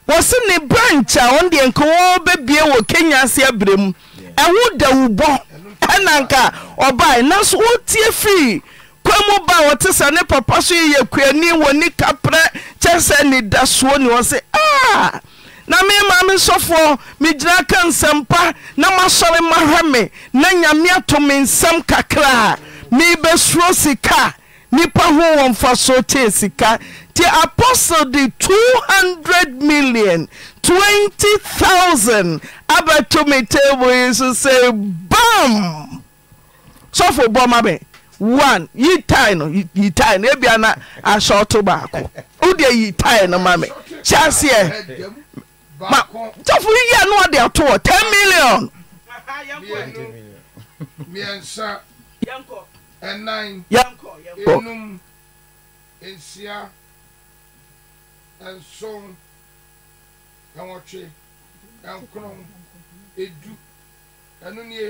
wɔse ne branch a wɔn deɛ nka wɔbɛbie wɔ kenya ase aberɛ mu ɛho dawubɔ ɛna nka ɔbae nanso wotie fii kwamu ba a wɔte sa ne papa so yɛyɛ kuani wɔ ni kaprɛ kyɛ sɛ ne da soɔ ne wɔ se a na memaa me sɔfoɔ megyina ka nsɛmpa na masɔre mahwɛ me na nyame ato me nsɛm kakraa mebɛsuro sika nnipa ho wɔ mfa so tee sika the apostle the two hundred million twenty thousand abẹ́tò table yìí so say bam sọ́fò bọ́ ma bẹ́ẹ̀ one yi tie no yi tie no ebi ana ahyɛ ɔto baako ɔde yi tie no ma mi kyɛ aseɛ ma tɔfo yi yɛ no ɔde ɔto wɔ ten million. mmiɛnsa ɛnan enum nsia nson nwɔtwe nkron edu ɛnu nie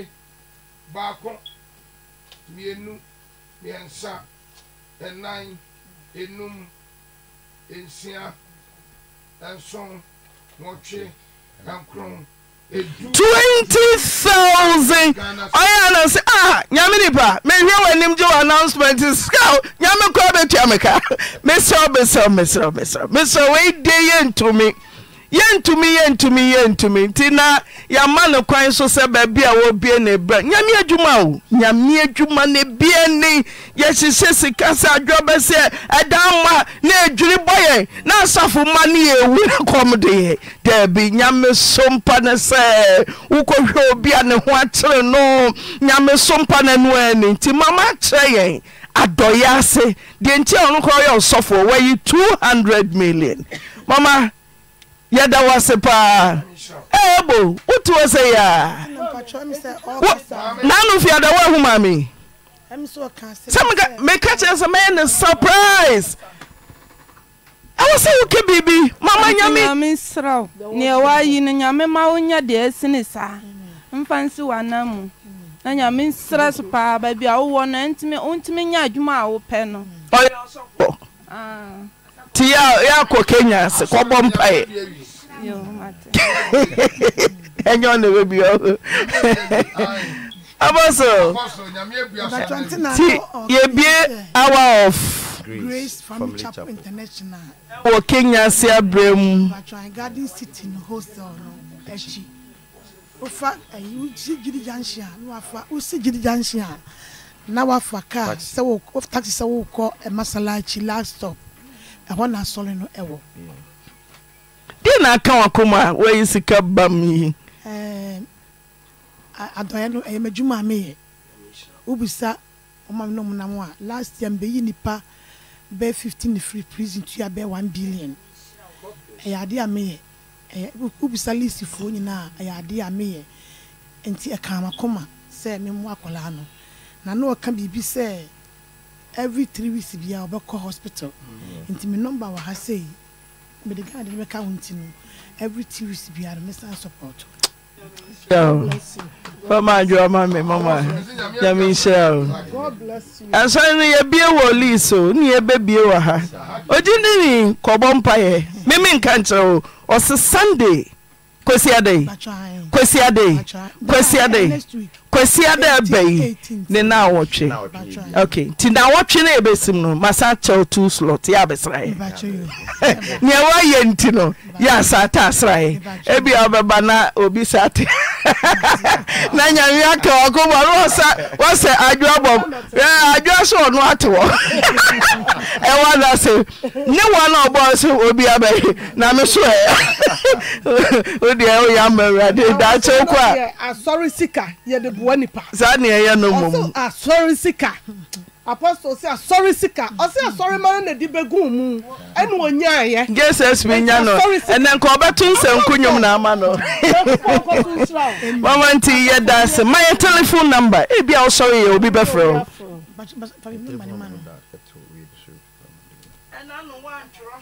baako mmienu mmiɛnsa ɛnan enum nsia nson nwɔtwe nkron. 20,000 ɔyɛ ana sɛ ah nyame nipa mehwɛ w'anim gye do announcement sika nyame kora bɛtua me ka (laughs) mesrɛ mesrɛ mesrɛ mesrɛ mesrɛ wei de yɛ ntomi yɛntumi yɛntumi yɛntumi nti na yɛama no kwan so sɛ baabi a wɔbie ne brɛ nyame adwuma o nyame adwuma ne bie ne yɛhyehyɛ sika sɛ adwabɛ sɛ ɛdan ma na adwiri bɔ yɛn na asafo ma ne yɛwu ne kɔm de yɛ daabi nyame so ne sɛ wokɔhwɛ obi a ne ho akyere no nyame so no ano ani nti mama akyerɛ yɛn adɔyɛ ase deɛ nti a ɔno kora yɛ ɔsɔfoɔ wɔayi 200 million mama yɛda wo se paa ɛbo wote wɔ sɛ yɛ a na no fii ada woahoma me sɛmeka kyɛ sɛ mɛyɛ ne suprise ɛwɔ sɛ wokɛ birbi mamanyameɛnewyi no nyame ma wonya deɛ asine saa mfa nsi wana mu na nyame nserɛ so paa baa bi a wowɔ no wontumi nya adwuma a wopɛ no ti yà kọ kenya kọ bọ mpa yẹ ẹnyẹ ọ na-ewe bi ọ ti oh, yebie hour of grace family chapel international wọ kenya si abirẹ mu. garden city ni hostel no ẹkyi oh, ofa ẹyi eh, wusi gidi junction a na wafa wusi gidi junction a na wafa car sẹ wo taxi sẹ wo kọ ẹ eh, masalachi last stop ɛhɔ na asɔre no ɛwɔ deɛ na aka wakoma a woayi sika ba m yi adɔeɛ no ɛyɛ madwuma a meyɛ wobisa ɔma me no mu a last year mbɛyi nipa bɛɛ fifteen free prison tua bɛɛ one billion ɛyɛ adeɛ a meyɛ wobisa lisifoɔ nyinaa ɛyɛ adeɛ a meyɛ nti ɛka makoma sɛ memmoa akɔlaa no na na ɔka biribi sɛ every three weeks bi a ɔbɛkɔ hospital mm. nti mi number wɔ ha sei mede mi de ne bɛka ho nti no every three weeks bi a no me san support. fama adwo ama mi mama nyame nhyira o no yɛbie wɔ lease o ne yɛbɛbie wɔ ha ogye ne ni kɔbɔ mpayɛ meme nka nkyerɛ o ɔse sunday kwasi adɛn kwasi adɛn kwasi adɛn kwasi ada abayi ne na awɔtwe ok nti na awɔtwe no yɛbɛsim no masa kyɛw two slot (laughs) nea nti no asa na obi sa te (laughs) na nyame aka wakɔbɔ no wɔsa wɔsɛ bɔ so ɔno ate wɔ (laughs) ɛwɔ ne na ɔbɔ so obi abɛyi na me so ɛ wodeɛ woyɛ ama awurade kɔ a aboa nipa. saa ni ɛyɛ no mom. ɔsɛ asɔre sika apɔsɔ sɛ asɔre sika ɔsɛ asɔre mara na ɛdi bɛgu mu ɛna wɔnya ayɛ. jesus mi nya no ɛnɛ nka ɔbɛto nsɛnko nyom na ama no. mama nti yɛ daase ma yɛ telephone number ebi a ɔsɔre yɛ obi bɛfrɛ o.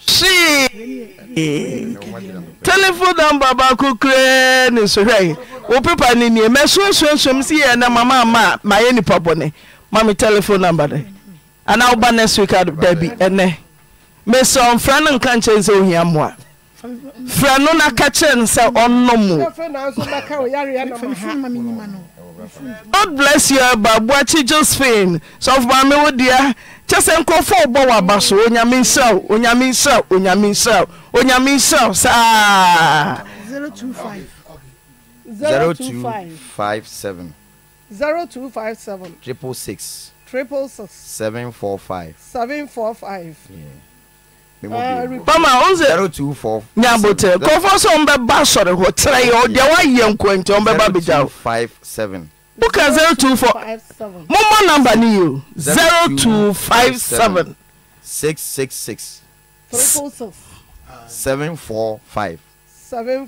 see telephone number baako kure ne so hwɛ wo pepa ne nie mɛsoasoasom si yɛ na mama ama nipa ma me telephone number ne anaa woba next week a daabi ɛnɛ mesɛ ɔmfrɛ no nka nkyɛn sɛ ohia mmoa frɛ no na ka kyerɛ ɔnom god bless you ɛba buakyi josephine sɔfo maame wo dear, just sɛ nkurɔfoɔ ɔbɔ wɔ aba so onyame nsiraw onyame nsiraw onyame nsiraw onyame nsiraw saa. zero two five. zero two five seven. zero two five seven. triple six. triple six. seven four five. seven four five. Yeah mama ose nyabote kɔfɔ sɛ ɔmbɛba sɔre hɔ terɛ yɛ ɔdeɛ woayɛ nkwanti ɔmbɛba bɛgya wo boka 024 mommɔ namba ne yio 0257 666 745 Seven four five. kɔ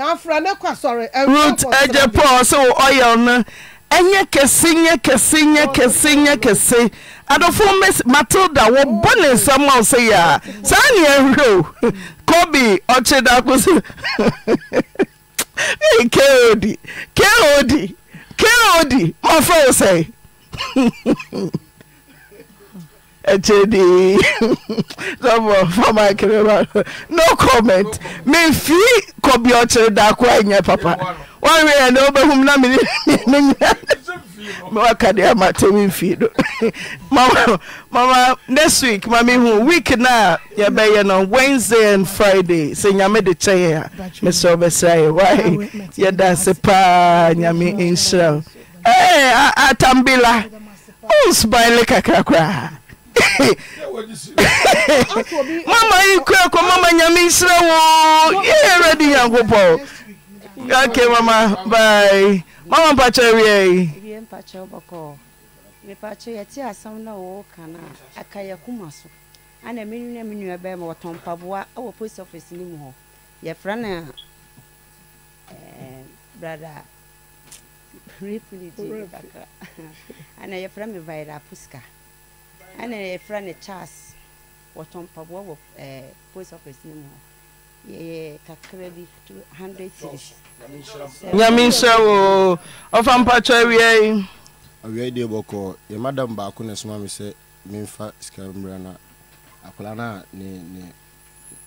asɔre ɛnfɔ kɔ asɔre root ɛgye paul sɛ ɔyɛ ɔno ɛnyɛ kɛse nyɛ kɛse nyɛ kɛse nyɛ kɛse. adofo m matilda wɔbɔ ne nsɛm ao sɛ eɛ a saa nneɛwerɛ kɔbi ɔkyere daako sɛkdi edi keodi mɔfrɛ wo sɛkno cment memfiri kɔbi ɔkyere daako anyɛ papa weɛ ɛna wobɛhum na menn (laughs) ya mewaka deɛ ama tɛmi mfii do mama mama next week ma mehu week no a yɛbɛyɛ no wednesday and friday sɛ nyame de kyɛeɛ eh, a mesɛ wobɛsra yɛ wae yɛda ase paa nyame nhyira wo atambila wonsbaile kakra koraa (laughs) mama yi kura kɔ mama nyame nhyira wo oh. yɛ ready nyankopɔn okay mama bye mama mpakyɛ wiei mpakyɛ wobɛkɔɔ mepakyɛ yɛte asɛm no a wɔwɔ ka no a aka yɛ kuma so ana me nua me nua bɛrima wɔtɔn mpaboa wɔ post office no mu hɔ yɛfrɛ no brada repiligyeakra ana yɛfrɛ me vida puska ana yɛfrɛ no charles wɔtɔn mpaboa wɔ post office no mu hɔ yɛyɛ kakra bi 100 series nyame nhyɛ wo ɔfa mpakyɛ awiai awiai deɛ bɔkɔ yɛmadam baako ne soma me sɛ memfa sika mmra no akwara no a ne ne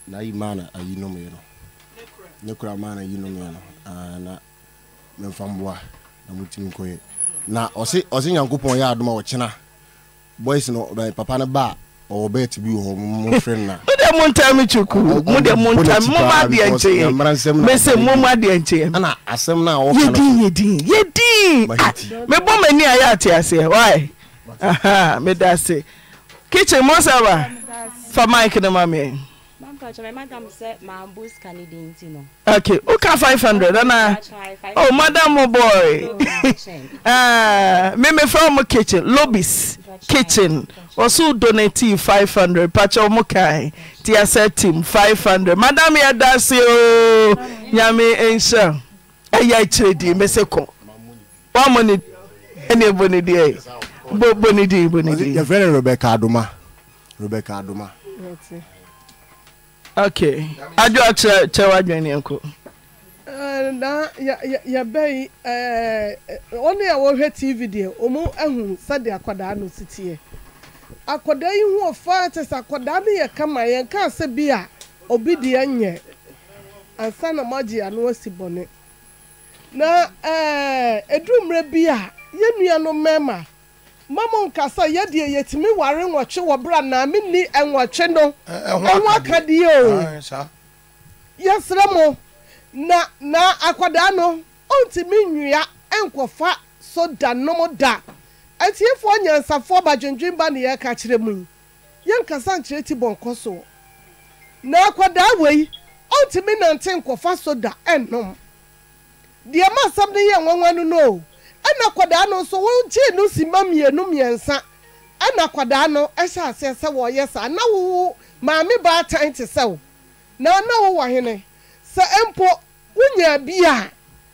n'ayi maa na ayi nomɛ no ne kura maa na ayi nomɛ no na memfa mboa na motimi nkɔyɛ na ɔse ɔse nyankopɔn yɛ adom a ɔkyena boys no papa no ba a ɔwɔ bɛɛte bi wɔ hɔ mofrɛ no na deɛ montaa me kyɛku ah, mo deɛ montaa moma adeɛ nkyɛɛ mɛsɛ moma adeɛ nkyɛɛ yɛdin yɛdin yɛdin mebɔ m'ani a yɛ ate aseɛ wae meda ase kitchen mɔsaba fa mike no ma me okay woka 500 ana oh madam mo oh boy meme frɛ mo kitchen lobis kitchen ɔso donatee 500 pakyɛ mo kae nti asɛ tim 500 madam yɛda se o nyame nhyɛ ɛyɛ akyerɛ din bɛsɛ kɔ woamɔ ne ɛne bɔ ne deɛ bɔ ne din bɔ ne din yɛfrɛ ne rebeka adoma rebeka adoma okay adwo akyerɛ kyerɛ wadwene nko eh, na yɛbɛyi ɔne a wɔhwɛ tv deɛ ɔmu ahu sɛde akwadaa no siteɛ akwadaa yi ho ɔfa te sɛ akwadaa no yɛ kama yɛnka sɛ bi a obi deɛ nyɛ ansa na moagye ano asi bɔne na ɛduru eh, mmerɛ bi a yɛnnua no mmarima mama nkasa yɛ deɛ yɛtumi ware nwɔtwe wɔ bra na me ni nwɔtwe no ɛho eh, eh, akadeɛ o ah, eh, yɛsrɛ mo na na akwadaa no ɔntumi nwia nkɔfa soda nom da atiefoɔ nyansafoɔ badwendwen ba ne yɛka kyerɛ mu yi nkasa nkyerɛ ti bɔnkɔ so na akwadaa wei ɔntumi nante nkɔfa da ɛnom deɛ ma asɛm no yɛ nwanwa no no o ɛna akwadaa no nso wɔgye no si ma mmienu mmiɛnsa ɛna akwadaa no ɛhyɛ aseɛ sɛ wɔyɛ saa na wowo maame baatan te sɛ wo na na wowɔ hene sɛ mpo wonya bi a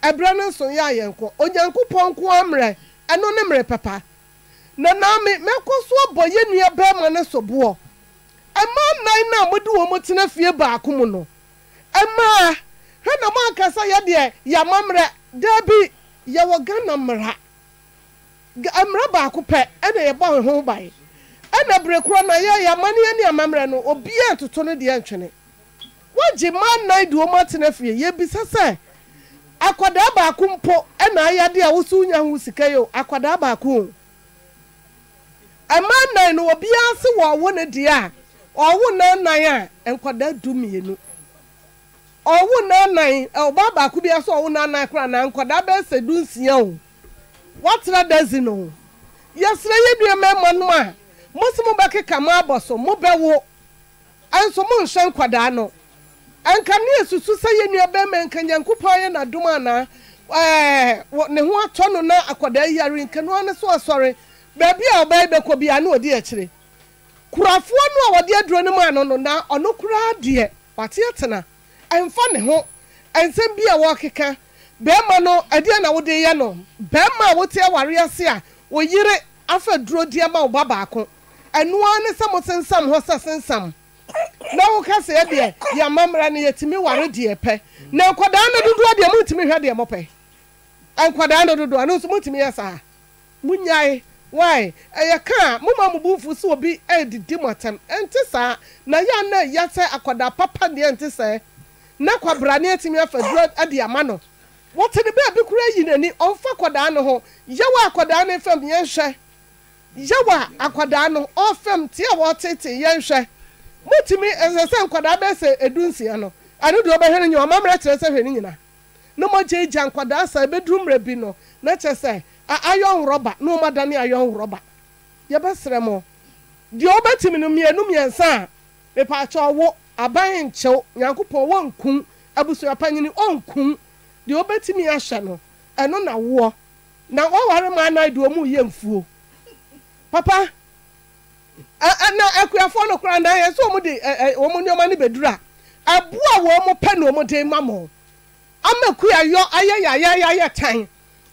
ɛberɛ no nso yɛ ayɛnkɔ onyanko pɔnkɔ ammerɛ ɛno ne mmerɛ papa na naame mɛkɔ so abɔ yɛ nnua bɛrima no soboɔ Mmaa nnan na a mode wɔ tena fie baako mu no Mmaa, hwɛ na mo akasa yɛ deɛ yɛama mmerɛ daabi yɛwɔ ghana mmara mmara baako pɛ ɛna yɛbɔ ho bae ɛna bere korɔ na yɛ yamaneɛ ne amammerɛ no obiaa toto no deɛ ntwene wɔgye ma nan duo mu atena fie yɛbisa sɛ akwadaa baako mpo ɛna ayade a woso wonya ho sika yi o akwadaa baako o ɛma nan no obiaa se wɔwo no deɛ a ɔwo nan nan a nkwadaa du mmienu ọwụ na-anaghị eh, ọba baako bi asọ ọwụ na-anaghị kora na nkwadaa abịa ese du nsia o watara dazi no yasere yi nua mmarima no a mosi mo bɛkeka mo abɔ so mo bɛwo nso mo nhyɛ nkwadaa no nka ne esusu sɛ yɛ nua bɛrima nka nyankopɔn na dum ana ɛɛ eh, ne ho atọ no na akwadaa yare nke nua no so ɔsɔre beebi a ɔbɛyɛ bɛkɔ bi ano odi akyire kurafoɔ no a wɔde aduro no mu ano no na ɔno koraa deɛ wate atena. ɛmfa ne ho ɛnsɛm bi a wɔkeka bɛrima no ɛdeɛ na wode yɛ no bɛrima a wote aware ase a wɔyere afa duro deɛ ma wo ba baako ɛnoa ne sɛ mo sensam hɔ sɛ sensam na woka sɛ ɛdeɛ yɛ amammerɛ no yɛtumi ware deɛ pɛ na nkwadaa no dodoɔ deɛ montumi hwɛ deɛ mopɛ nkwadaa no dodoɔ no nso montumi yɛ saa monyae wae ɛyɛ kaa moma mo bumfu sɛ obi ɛdidi mo ɛnte saa na yɛ na ɛyɛ akwadaa papa deɛ ɛnte sɛɛ na kwabra ne atumi afa duro de ama no wɔte ne baabi kura yi n'ani ɔmfa akwadaa no ho yawa akwadaa no fam yɛn hwɛ yawa akwadaa no ɔfam tie a wɔtete yɛn hwɛ mutumi ɛsɛ sɛ nkwadaa bɛsɛ edu nsia no ano deɛ ɔbɛhwɛ no nyina ɔma mmerɛ kyerɛ sɛ hwɛ no nyina na ɔmagye gya nkwadaa sa ebɛduru mmerɛ bi no na kyerɛ sɛ ayɔn rɔba na ɔma dane ayɔn rɔba yɛbɛsrɛ mo deɛ ɔbɛtumi no mmienu mmiɛnsa e a mepaakyɛ ɔwo aban nkyɛw nyankopɔn wɔnkum abusuapanyini ɔnkum deɛ obetumi ahyɛ no ɛno na woɔ na wɔware mu anan deɛ ɔmu yɛ mfuo papa na akuafoɔ no koraa na yɛn sɛ wɔn de ɛ ɛ wɔn nneɛma no bɛdura aboa wɔn pɛ na wɔn de ma mo ama kuya yɔ ayɛ yɛ ayɛ tan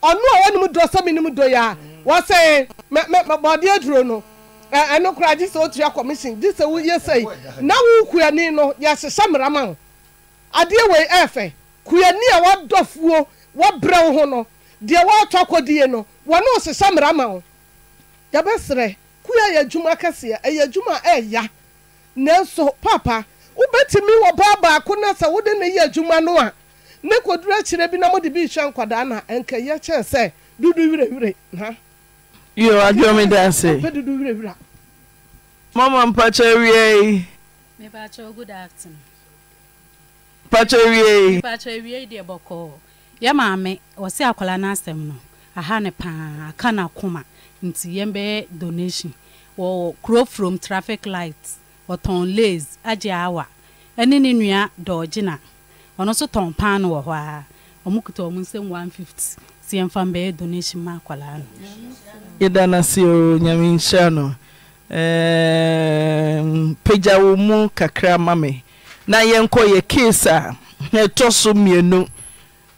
ɔno a wɔn mu dɔ sɛmi no mu dɔ yɛ a mɛ mɛ bɔdeɛ duro no. ɛno eh, eh, kora gye sɛ wotua commission gye sɛ woyɛ sɛi na wo kuani no yɛhyehyɛ mmara ma wo adeɛ wei ɛɛfɛ eh, kuani a wɔdɔ fuo wɔbrɛ wo ho no deɛ wɔretɔ kɔdie no wɔne wo hyehyɛ mmara ma wo yɛbɛserɛ kuya yɛ adwuma kɛseɛ ɛyɛ adwuma a ɛɛya nanso papa wobɛtumi wɔ baa baako na sɛ wode ne yɛ adwuma no a ne kɔduru akyirɛ bi na mode bi nkwadaa na ɛnkɛyɛ kyɛn sɛ dudu werɛwerɛ ha yo adwome da ase mama mpakyɛ wiei mpakyɛ wiei yɛ maame ɔse akwala no asɛm no aha ne paa aka na koma nti yɛn bɛyɛ donation wɔ kuro from traffic light wɔtɔn lays agye awa ɛne ne nua dɔɔgyina ɔno nso tɔn pan no wɔ hɔ a ɔmo kuta ɔmo nsɛm 150 senfa bɛɛ ma kɔla no i dana si o nyamensya no mu kakra ma me na yɛnkɔ yɛ case a ɛtɔ so mmienu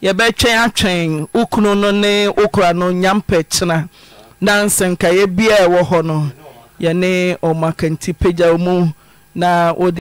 yɛbɛtwɛn atwɛn wo kunu no ne wo no no nyampɛkyena na ye biaa ɛwɔ hɔ no yɛne ɔmakanti peja mu na wode